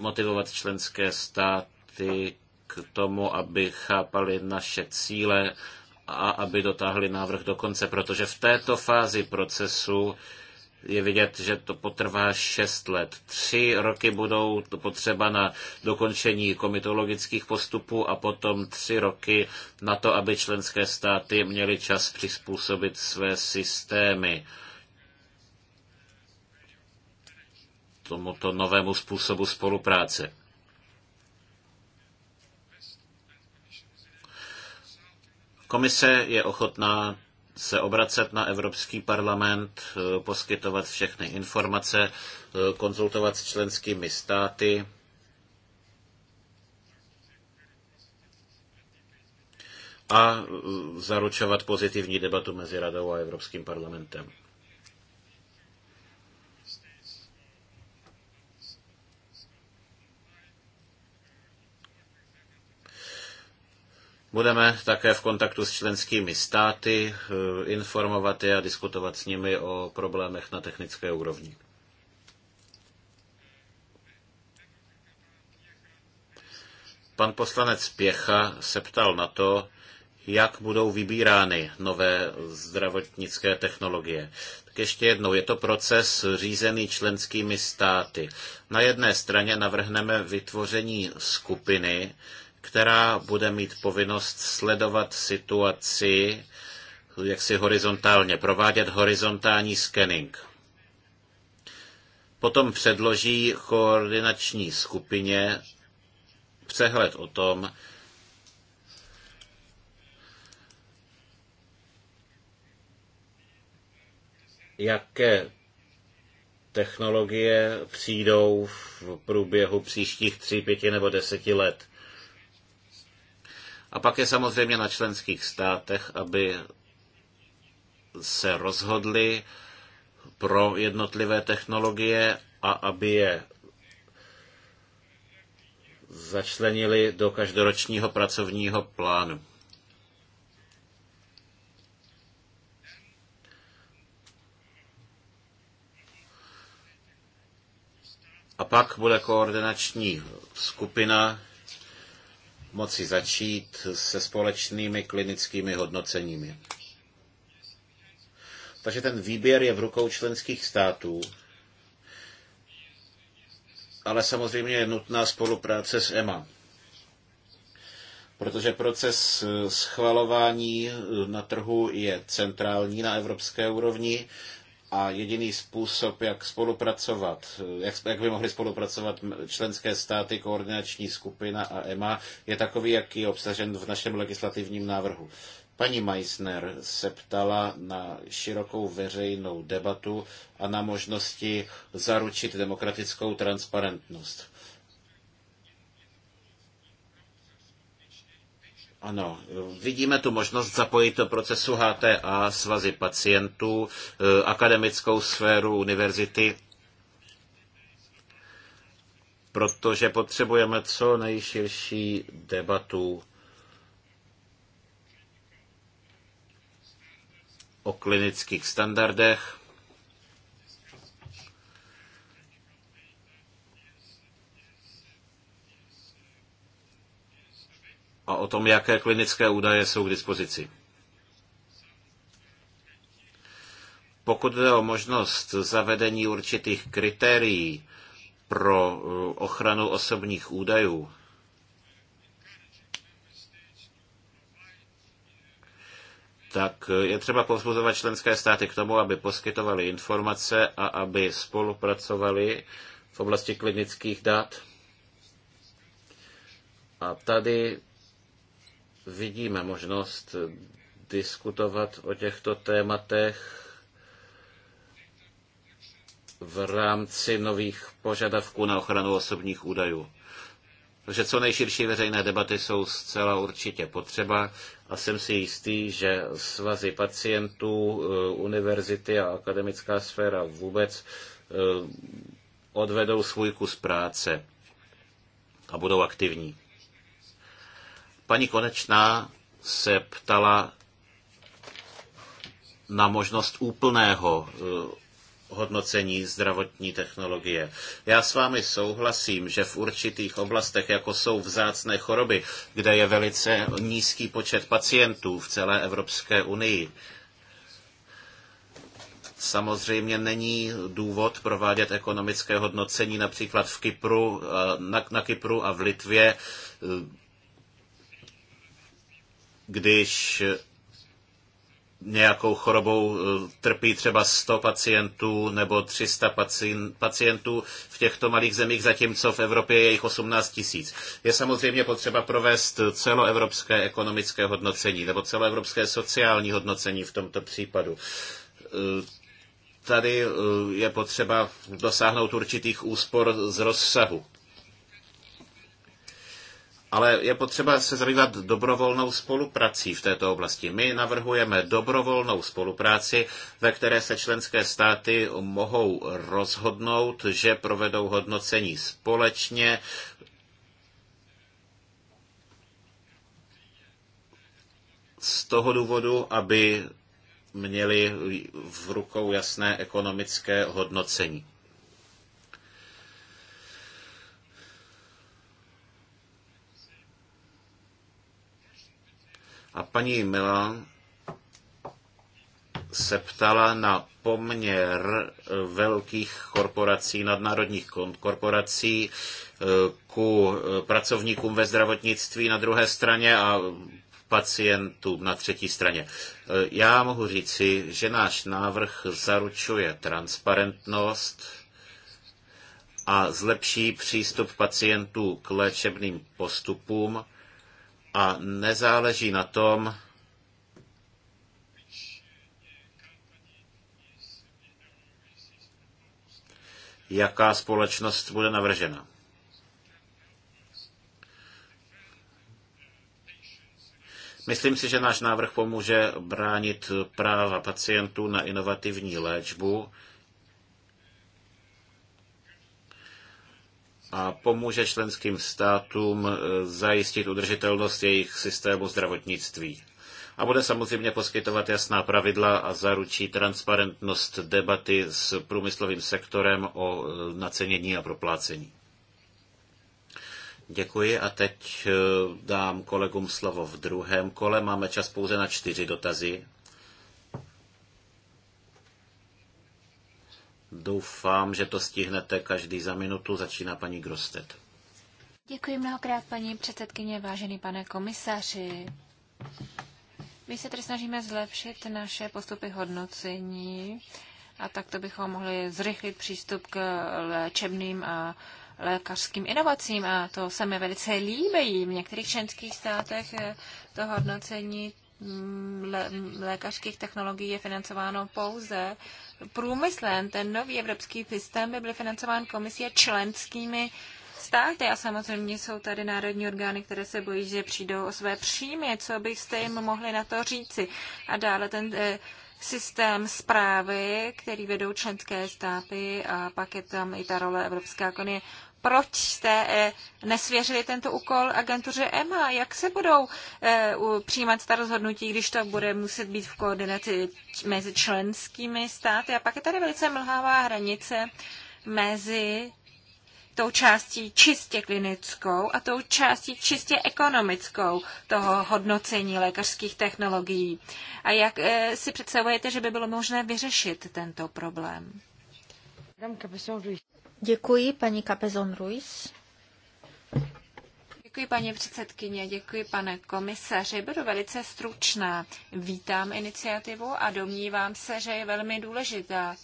motivovat členské státy k tomu, aby chápali naše cíle a aby dotáhli návrh do konce, protože v této fázi procesu je vidět, že to potrvá šest let. Tři roky budou potřeba na dokončení komitologických postupů a potom tři roky na to, aby členské státy měly čas přizpůsobit své systémy tomuto novému způsobu spolupráce. Komise je ochotná se obracet na Evropský parlament, eh, poskytovat všechny informace, eh, konzultovat s členskými státy. a eh, zaručovat pozitivní debatu mezi Radou a Evropským parlamentem. Budeme také v kontaktu s členskými státy, eh, informovat je a diskutovat s nimi o problémech na technické úrovni. Pan poslanec Pěcha se ptal na to, jak budou vybírány nové zdravotnické technologie. Tak ještě jednou, je to proces řízený členskými státy. Na jedné straně navrhneme vytvoření skupiny, která bude mít povinnost sledovat situaci jak si horizontálně, provádět horizontální scanning. Potom předloží koordinační skupině přehled o tom, jaké technologie přijdou v průběhu příštích tří, pěti nebo deseti let. A pak je samozřejmě na členských státech, aby se rozhodli pro jednotlivé technologie a aby je začlenili do každoročního pracovního plánu. A pak bude koordinační skupina moci začít se společnými klinickými hodnoceními. Takže ten výběr je v rukou členských států, ale samozřejmě je nutná spolupráce s EMA, protože proces schvalování na trhu je centrální na evropské úrovni a jediný způsob, jak spolupracovat, jak, jak by mohly spolupracovat členské státy, koordinační skupina a EMA, je takový, jaký je obsažen v našem legislativním návrhu. Paní Meissner se ptala na širokou veřejnou debatu a na možnosti zaručit demokratickou transparentnost. Ano, vidíme tu možnost zapojit do procesu HTA svazy pacientů, eh, akademickou sféru univerzity, protože potřebujeme co nejširší debatu o klinických standardech, a o tom, jaké klinické údaje jsou k dispozici. Pokud jde o možnost zavedení určitých kritérií pro eh, ochranu osobních údajů, tak eh, je třeba povzbuzovat členské státy k tomu, aby poskytovali informace a aby spolupracovali v oblasti klinických dat. A tady vidíme možnost diskutovat o těchto tématech v rámci nových požadavků na ochranu osobních údajů. Takže co nejširší veřejné debaty jsou zcela určitě potřeba a jsem si jistý, že svazy pacientů, eh, univerzity a akademická sféra vůbec eh, odvedou svůj kus práce a budou aktivní. Paní Konečná se ptala na možnost úplného eh, hodnocení zdravotní technologie. Já s vámi souhlasím, že v určitých oblastech, jako jsou vzácné choroby, kde je velice nízký počet pacientů v celé Evropské unii, Samozřejmě není důvod provádět ekonomické hodnocení například v Kypru, eh, na, na Kypru a v Litvě eh, když nějakou chorobou eh, trpí třeba 100 pacientů nebo 300 pacientů v těchto malých zemích, zatímco v Evropě je jich 18 tisíc. Je samozřejmě potřeba provést celoevropské ekonomické hodnocení nebo celoevropské sociální hodnocení v tomto případu. Eh, tady eh, je potřeba dosáhnout určitých úspor z rozsahu ale je potřeba se zabývat dobrovolnou spoluprací v této oblasti. My navrhujeme dobrovolnou spolupráci, ve které se členské státy mohou rozhodnout, že provedou hodnocení společně, z toho důvodu, aby měli v rukou jasné ekonomické hodnocení. A paní Milan se ptala na poměr velkých korporací, nadnárodních korporací eh, ku pracovníkům ve zdravotnictví na druhé straně a pacientům na třetí straně. Eh, já mohu říci, že náš návrh zaručuje transparentnost a zlepší přístup pacientů k léčebným postupům a nezáleží na tom, jaká společnost bude navržena. Myslím si, že náš návrh pomůže bránit práva pacientů na inovativní léčbu a pomůže členským státům e, zajistit udržitelnost jejich systému zdravotnictví. A bude samozřejmě poskytovat jasná pravidla a zaručí transparentnost debaty s průmyslovým sektorem o e, nacenění a proplácení. Děkuji a teď e, dám kolegům slovo v druhém kole. Máme čas pouze na čtyři dotazy. Doufám, že to stihnete každý za minutu. Začíná paní Grostet. Děkuji mnohokrát, paní předsedkyně, vážený pane komisaři. My se tedy snažíme zlepšit naše postupy hodnocení a takto bychom mohli zrychlit přístup k léčebným a lékařským inovacím a to se mi velice líbí. V některých členských státech to hodnocení lékařských technologií je financováno pouze průmyslem. Ten nový evropský systém by byl financován komisí členskými státy a samozřejmě jsou tady národní orgány, které se bojí, že přijdou o své příjmy. Co byste jim mohli na to říci? A dále ten eh, systém zprávy, který vedou členské státy a pak je tam i ta role Evropská unie proč jste eh, nesvěřili tento úkol agentuře EMA? Jak se budou eh, přijímat ta rozhodnutí, když to bude muset být v koordinaci mezi členskými státy? A pak je tady velice mlhává hranice mezi tou částí čistě klinickou a tou částí čistě ekonomickou toho hodnocení lékařských technologií. A jak eh, si představujete, že by bylo možné vyřešit tento problém? Děkuji, paní Capezon Ruiz. Děkuji, paní předsedkyně, děkuji, pane komisaři. Budu velice stručná. Vítám iniciativu a domnívám se, že je velmi důležitá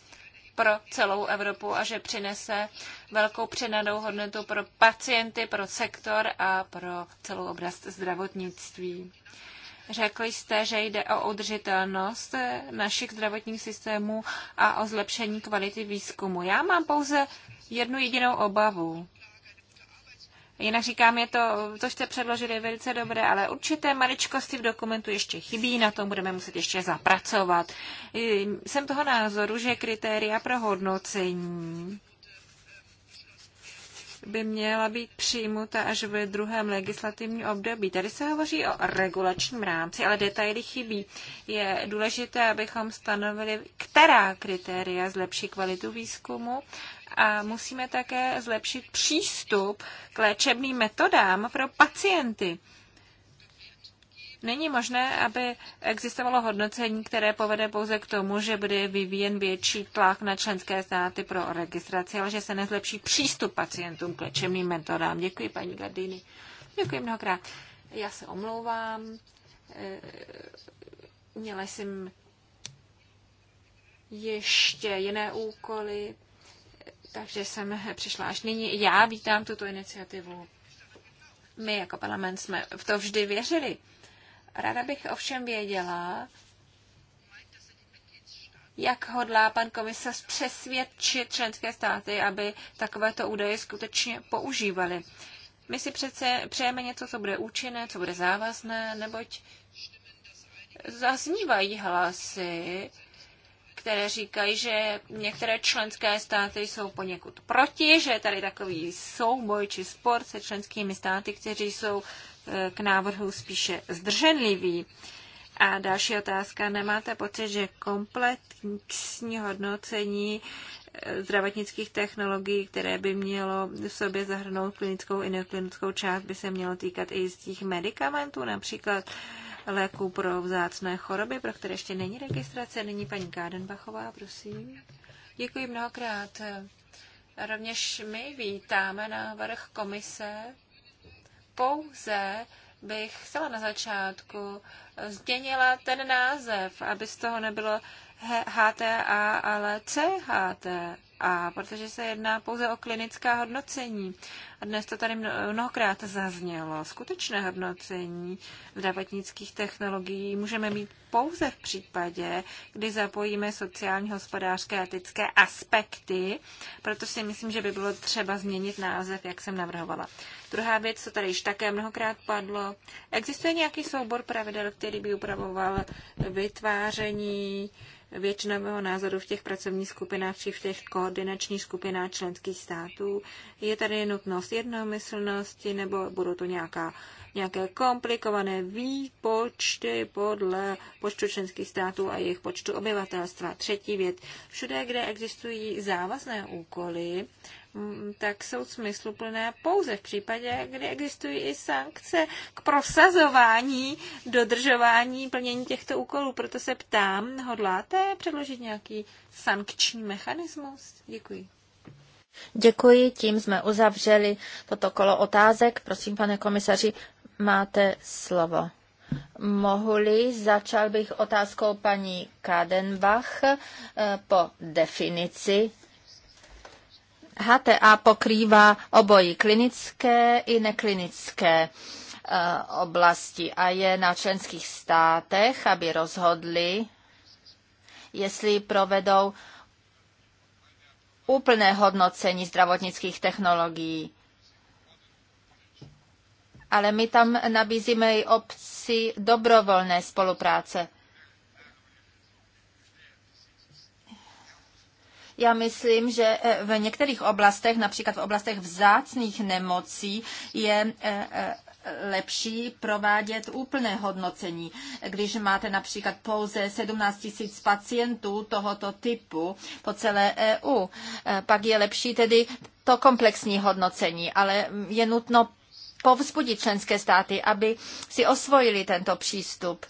pro celou Evropu a že přinese velkou přidanou hodnotu pro pacienty, pro sektor a pro celou oblast zdravotnictví. Řekl jste, že jde o udržitelnost našich zdravotních systémů a o zlepšení kvality výzkumu. Já mám pouze jednu jedinou obavu. Jinak říkám, je to, to jste předložili je velice dobré, ale určité maličkosti v dokumentu ještě chybí, na tom budeme muset ještě zapracovat. Jsem toho názoru, že kritéria pro hodnocení by měla být přijmuta až ve druhém legislativním období. Tady se hovoří o regulačním rámci, ale detaily chybí. Je důležité, abychom stanovili, která kritéria zlepší kvalitu výzkumu a musíme také zlepšit přístup k léčebným metodám pro pacienty. Není možné, aby existovalo hodnocení, které povede pouze k tomu, že bude vyvíjen větší tlak na členské státy pro registraci, ale že se nezlepší přístup pacientům k léčebným metodám. Děkuji, paní Gardini. Děkuji mnohokrát. Já se omlouvám. E, měla jsem ještě jiné úkoly takže jsem přišla až nyní. Já vítám tuto iniciativu. My jako parlament jsme v to vždy věřili. Ráda bych ovšem věděla, jak hodlá pan komisař přesvědčit členské státy, aby takovéto údaje skutečně používali. My si přece přejeme něco, co bude účinné, co bude závazné, neboť zaznívají hlasy, které říkají, že některé členské státy jsou poněkud proti, že je tady takový souboj či spor se členskými státy, kteří jsou e, k návrhu spíše zdrženliví. A další otázka. Nemáte pocit, že komplexní hodnocení e, zdravotnických technologií, které by mělo v sobě zahrnout klinickou i neklinickou část, by se mělo týkat i jistých medicamentů, například léků pro vzácné choroby, pro které ještě není registrace. Nyní paní Gádenbachová, prosím. Děkuji mnohokrát. Rovněž my vítáme návrh komise. Pouze bych chtěla na začátku změnila ten název, aby z toho nebylo HTA, ale CHT a protože se jedná pouze o klinická hodnocení, a dnes to tady mnohokrát zaznělo, skutečné hodnocení zdravotnických technologií můžeme mít pouze v případě, kdy zapojíme sociální, hospodářské a etické aspekty, proto si myslím, že by bylo třeba změnit název, jak jsem navrhovala. Druhá věc, co tady již také mnohokrát padlo, existuje nějaký soubor pravidel, který by upravoval vytváření většinového názoru v těch pracovních skupinách či v těch koordinačních skupinách členských států. Je tady nutnost jednomyslnosti nebo budou to nějaká, nějaké komplikované výpočty podle počtu členských států a jejich počtu obyvatelstva. Třetí věc. Všude, kde existují závazné úkoly, Mm, tak jsou smysluplné pouze v případě, kdy existují i sankce k prosazování, dodržování, plnění těchto úkolů. Proto se ptám, hodláte předložit nějaký sankční mechanismus? Děkuji. Děkuji, tím jsme uzavřeli toto kolo otázek. Prosím, pane komisaři, máte slovo. Mohu-li, začal bych otázkou paní Kadenbach eh, po definici HTA pokrývá obojí klinické i neklinické eh, oblasti a je na členských státech, aby rozhodli, jestli provedou úplné hodnocení zdravotnických technologií. Ale my tam nabízíme i obci dobrovolné spolupráce. Já myslím, že eh, v některých oblastech, například v oblastech vzácných nemocí, je eh, eh, lepší provádět úplné hodnocení. Když máte například pouze 17 000 pacientů tohoto typu po celé EU, pak je lepší tedy to komplexní hodnocení, ale je nutno povzbudit členské státy, aby si osvojili tento přístup.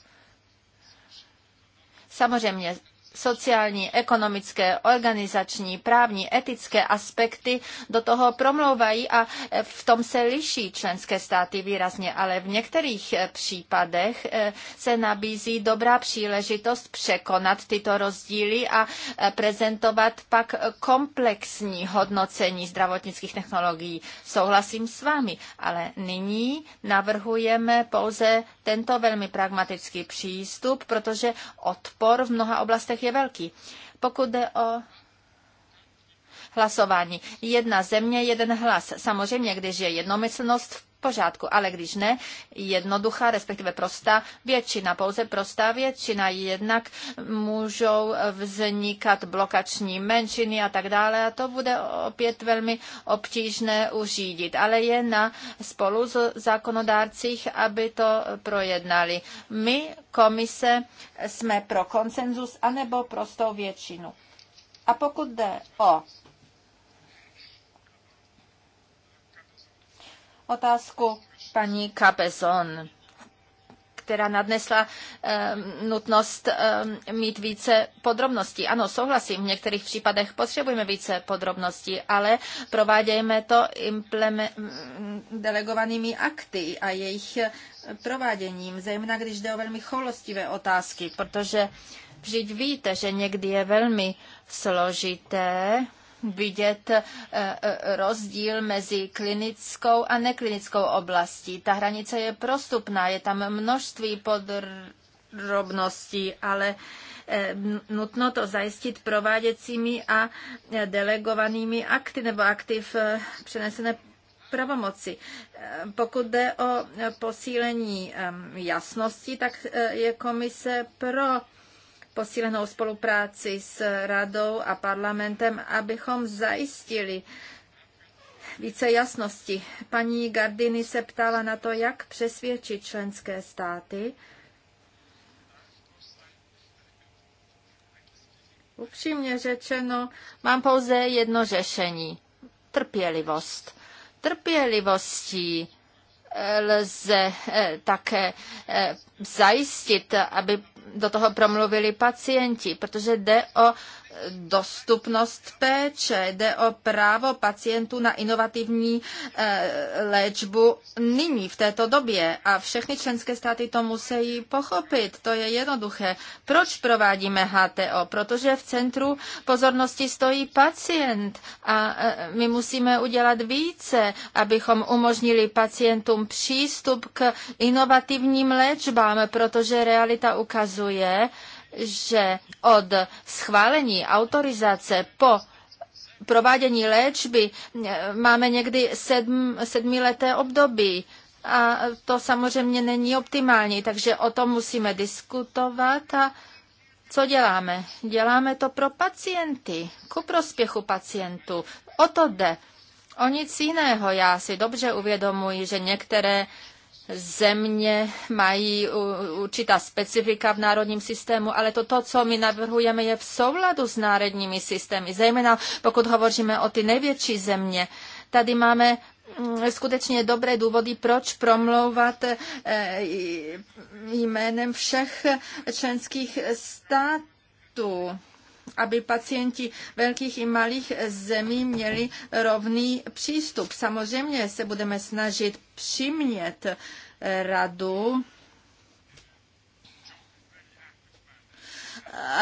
Samozřejmě sociální, ekonomické, organizační, právní, etické aspekty do toho promlouvají a v tom se liší členské státy výrazně, ale v některých eh, případech eh, se nabízí dobrá příležitost překonat tyto rozdíly a eh, prezentovat pak komplexní hodnocení zdravotnických technologií. Souhlasím s vámi, ale nyní navrhujeme pouze tento velmi pragmatický přístup, protože odpor v mnoha oblastech úspěch je velký. Pokud jde o hlasování. Jedna země, jeden hlas. Samozřejmě, když je jednomyslnost v pořádku, ale když ne, jednoduchá, respektive prostá většina, pouze prostá většina, jednak můžou vznikat blokační menšiny a tak dále a to bude opět velmi obtížné uřídit, ale je na spolu s zákonodárcích, aby to projednali. My, komise, jsme pro konsenzus anebo prostou většinu. A pokud jde o otázku paní Capeson, která nadnesla eh, nutnost eh, mít více podrobností. Ano, souhlasím, v některých případech potřebujeme více podrobností, ale provádějme to delegovanými akty a jejich prováděním, zejména když jde o velmi cholostivé otázky, protože vždyť víte, že někdy je velmi složité vidět eh, eh, rozdíl mezi klinickou a neklinickou oblastí. Ta hranice je prostupná, je tam množství podrobností, ale eh, nutno to zajistit prováděcími a delegovanými akty nebo aktiv přenesené pravomoci. Pokud jde o posílení jasnosti, tak je komise pro posílenou spolupráci s radou a parlamentem, abychom zajistili více jasnosti. Paní Gardini se ptala na to, jak přesvědčit členské státy. Upřímně řečeno, mám pouze jedno řešení. Trpělivost. Trpělivostí lze eh, také eh, zajistit, aby do toho promluvili pacienti, protože jde o dostupnost péče, jde o právo pacientů na inovativní eh, léčbu nyní, v této době. A všechny členské státy to musí pochopit. To je jednoduché. Proč provádíme HTO? Protože v centru pozornosti stojí pacient a eh, my musíme udělat více, abychom umožnili pacientům přístup k inovativním léčbám, protože realita ukazuje, že od schválení autorizace po provádění léčby eh, máme někdy sedm, sedmileté období. A to samozřejmě není optimální, takže o tom musíme diskutovat a co děláme? Děláme to pro pacienty, ku prospěchu pacientů. O to jde. O nic jiného. Já si dobře uvědomuji, že některé země mají určitá specifika v národním systému, ale to, to, co my navrhujeme, je v souladu s národními systémy, zejména pokud hovoříme o ty největší země. Tady máme mm, skutečně dobré důvody, proč promlouvat eh, jménem všech členských států aby pacienti velkých i malých zemí měli rovný přístup. Samozřejmě se budeme snažit přimět eh, radu,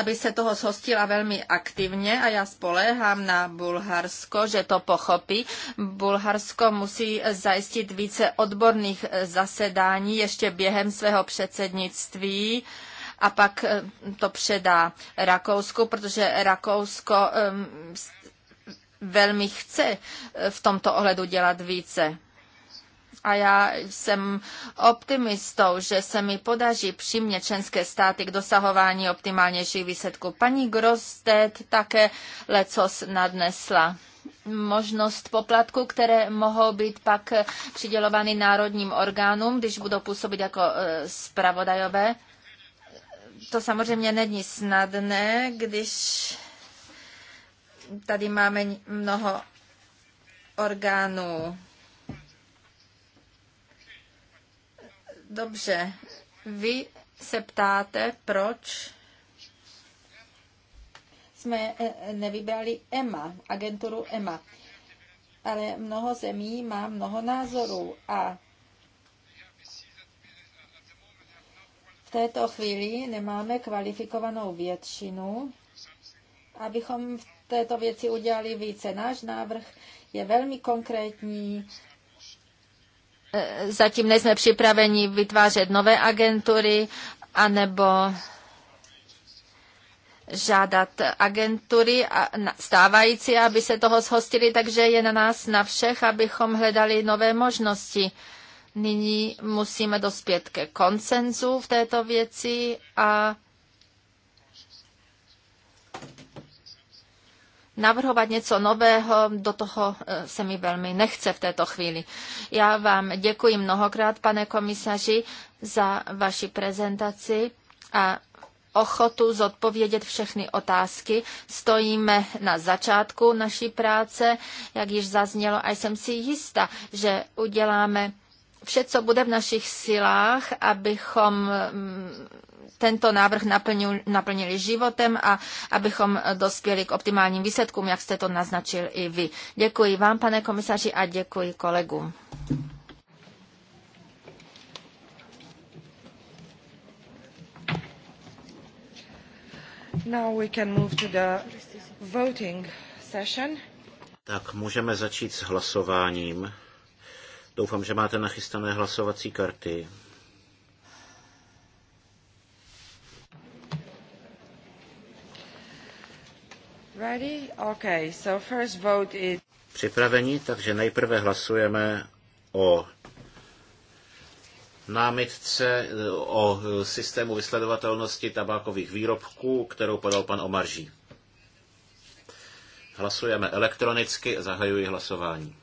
aby se toho zhostila velmi aktivně a já spoléhám na Bulharsko, že to pochopí. Bulharsko musí zajistit více odborných zasedání ještě během svého předsednictví. Uh, a pak eh, to předá Rakousku, protože Rakousko ehm, velmi chce eh, v tomto ohledu dělat více. A já jsem optimistou, že se mi podaří přimět členské státy k dosahování optimálnějších výsledků. Paní Grosted také lecos nadnesla možnost poplatků, které mohou být pak přidělovány národním orgánům, když budou působit jako spravodajové. Eh, to samozřejmě není snadné, když tady máme mnoho orgánů. Dobře, vy se ptáte, proč jsme eh, eh, nevybrali EMA, agenturu EMA. Ale mnoho zemí má mnoho názorů a V této chvíli nemáme kvalifikovanou většinu, abychom v této věci udělali více. Náš návrh je velmi konkrétní. Zatím nejsme připraveni vytvářet nové agentury anebo žádat agentury a stávající, aby se toho zhostili, takže je na nás na všech, abychom hledali nové možnosti. Nyní musíme dospět ke koncenzu v této věci a navrhovat něco nového, do toho eh, se mi velmi nechce v této chvíli. Já vám děkuji mnohokrát, pane komisaři, za vaši prezentaci a ochotu zodpovědět všechny otázky. Stojíme na začátku naší práce, jak již zaznělo, a jsem si jista, že uděláme vše, co bude v našich silách, abychom mm, tento návrh naplnili životem a abychom dospěli k optimálním výsledkům, jak jste to naznačil i vy. Děkuji vám, pane komisaři, a děkuji kolegům. Now we can move to the voting session. Tak můžeme začít s hlasováním. Doufám, že máte nachystané hlasovací karty. Ready? Okay, so first vote is... Připraveni, takže nejprve hlasujeme o námitce o systému vysledovatelnosti tabákových výrobků, kterou podal pan Omarží. Hlasujeme elektronicky, zahajuji hlasování.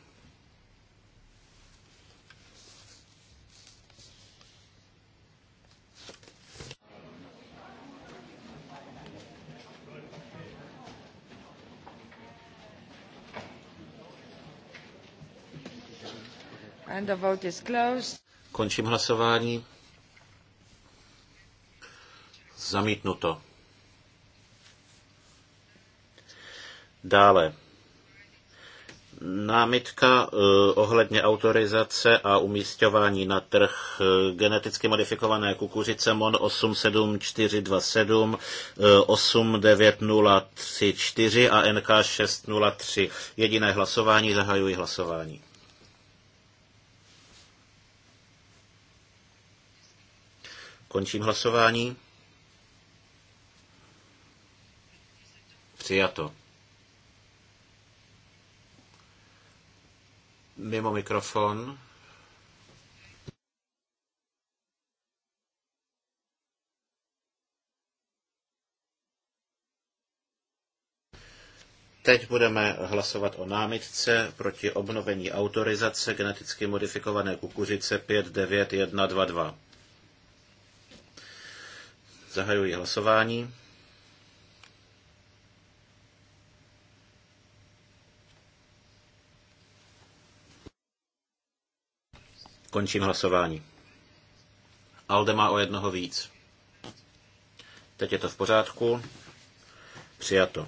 And the vote is closed. Končím hlasování. Zamítnuto. Dále. Námitka eh, ohledně autorizace a umístěvání na trh eh, geneticky modifikované kukuřice MON 87427, 89034 eh, a NK 603. Jediné hlasování, zahajuji hlasování. Končím hlasování. Přijato. Mimo mikrofon. Teď budeme hlasovat o námitce proti obnovení autorizace geneticky modifikované kukuřice 59122. Zahajuji hlasování. Končím hlasování. Alde má o jednoho víc. Teď je to v pořádku. Přijato.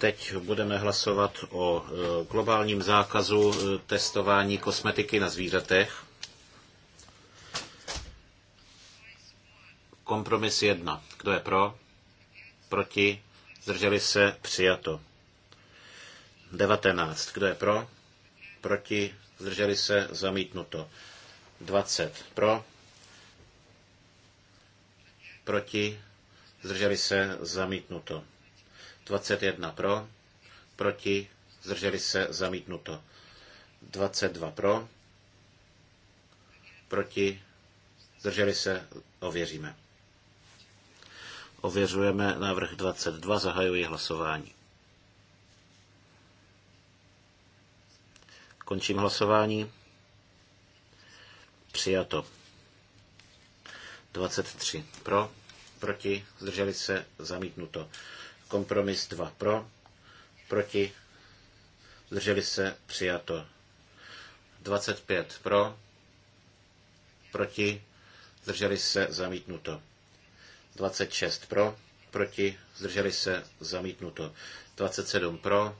Teď budeme hlasovat o e, globálním zákazu e, testování kosmetiky na zvířatech. Kompromis 1. Kdo je pro? Proti? Zdrželi se? Přijato. 19. Kdo je pro? Proti? Zdrželi se? Zamítnuto. 20. Pro? Proti? Zdrželi se? Zamítnuto. 21 pro, proti, zdrželi se, zamítnuto. 22 pro, proti, zdrželi se, ověříme. Ověřujeme návrh 22, zahajuji hlasování. Končím hlasování. Přijato. 23 pro, proti, zdrželi se, zamítnuto. Kompromis 2 pro, proti, zdrželi se, přijato. 25 pro, proti, zdrželi se, zamítnuto. 26 pro, proti, zdrželi se, zamítnuto. 27 pro,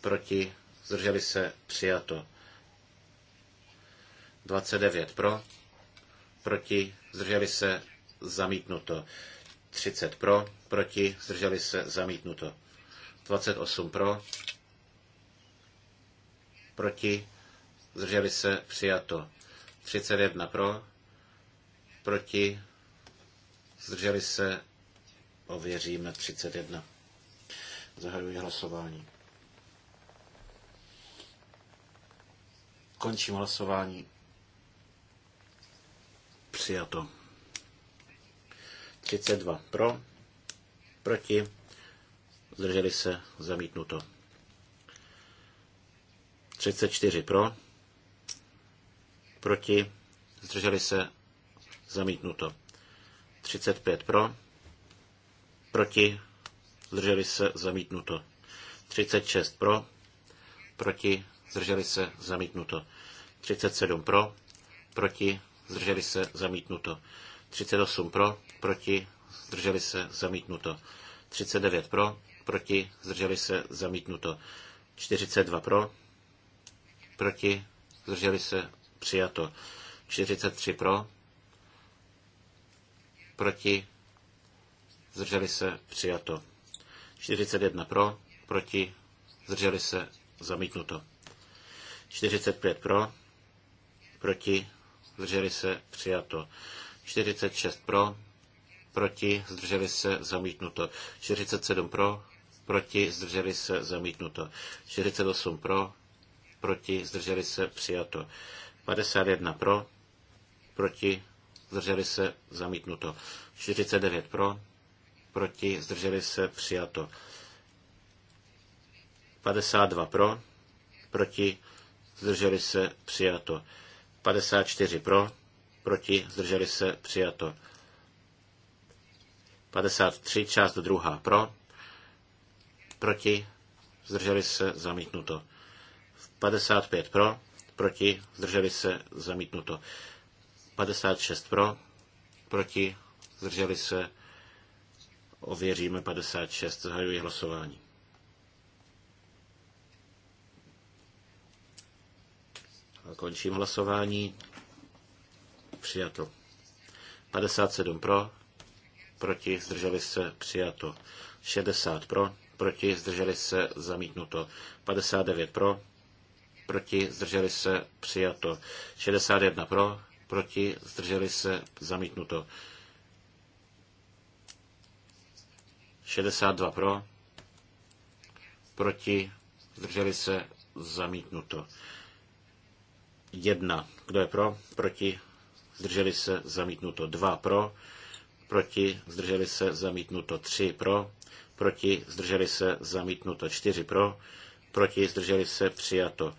proti, zdrželi se, přijato. 29 pro, proti, zdrželi se, zamítnuto. 30 pro, proti, zdrželi se, zamítnuto. 28 pro, proti, zdrželi se, přijato. 31 pro, proti, zdrželi se, ověříme 31. Zahajuji hlasování. Končím hlasování. Přijato. 32 pro, proti, zdrželi se, zamítnuto. 34 pro, proti, zdrželi se, zamítnuto. 35 pro, proti, zdrželi se, zamítnuto. 36 pro, proti, zdrželi se, zamítnuto. 37 pro, proti, zdrželi se, zamítnuto. 38 pro, proti, zdrželi se, zamítnuto. 39 pro, proti, zdrželi se, zamítnuto. 42 pro, proti, zdrželi se, přijato. 43 pro, proti, zdrželi se, přijato. 41 pro, proti, zdrželi se, zamítnuto. 45 pro, proti, zdrželi se, přijato. 46 pro, proti, zdrželi se, zamítnuto. 47 pro, proti, zdrželi se, zamítnuto. 48 pro, proti, zdrželi se, přijato. 51 pro, proti, zdrželi se, zamítnuto. 49 pro, proti, zdrželi se, přijato. 52 pro, proti, zdrželi se, přijato. 54 pro, proti, zdrželi se, přijato. 53, část druhá pro, proti, zdrželi se, zamítnuto. 55 pro, proti, zdrželi se, zamítnuto. 56 pro, proti, zdrželi se, ověříme 56, zahajuji hlasování. A končím hlasování. Přijato. 57 pro, proti, zdrželi se, přijato. 60 pro, proti, zdrželi se, zamítnuto. 59 pro, proti, zdrželi se, přijato. 61 pro, proti, zdrželi se, zamítnuto. 62 pro, proti, zdrželi se, zamítnuto. 1. Kdo je pro? Proti? Zdrželi se? Zamítnuto. 2. Pro? proti, zdrželi se, zamítnuto 3 pro, proti, zdrželi se, zamítnuto 4 pro, proti, zdrželi se, přijato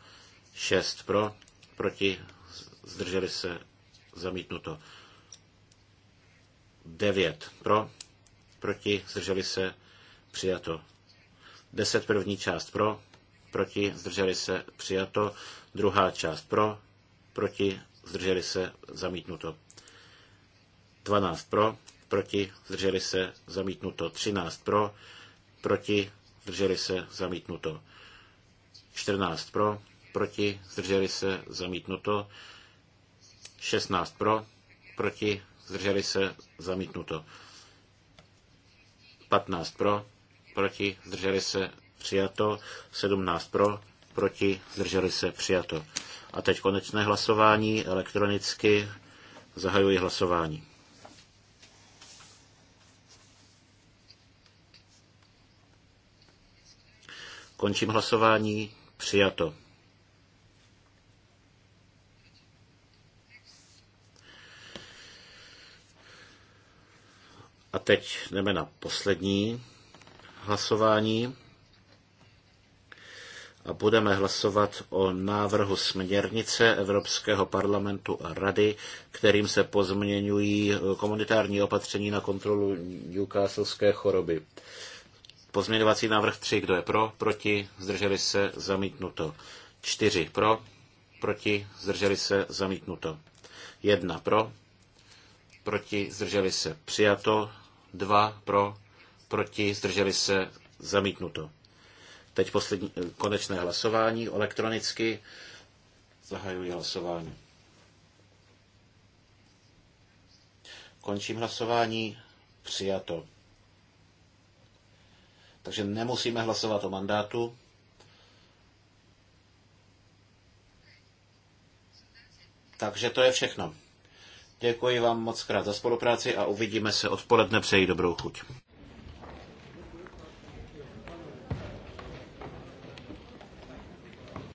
6 pro, proti, zdrželi se, zamítnuto 9 pro, proti, zdrželi se, přijato 10 první část pro, proti, zdrželi se, přijato, druhá část pro, proti, zdrželi se, zamítnuto. 12 pro, proti, zdrželi se, zamítnuto. 13 pro, proti, zdrželi se, zamítnuto. 14 pro, proti, zdrželi se, zamítnuto. 16 pro, proti, zdrželi se, zamítnuto. 15 pro, proti, zdrželi se, přijato. 17 pro, proti, zdrželi se, přijato. A teď konečné hlasování elektronicky. Zahajuji hlasování. Končím hlasování. Přijato. A teď jdeme na poslední hlasování a budeme hlasovat o návrhu směrnice Evropského parlamentu a rady, kterým se pozměňují komunitární opatření na kontrolu newcastleské choroby. Pozměňovací návrh 3, kdo je pro, proti, zdrželi se, zamítnuto. 4 pro, proti, zdrželi se, zamítnuto. 1 pro, proti, zdrželi se, přijato. 2 pro, proti, zdrželi se, zamítnuto. Teď poslední, eh, konečné hlasování elektronicky. Zahajuji hlasování. Končím hlasování. Přijato. Takže nemusíme hlasovat o mandátu. Takže to je všechno. Děkuji vám moc krát za spolupráci a uvidíme se odpoledne. Přeji dobrou chuť.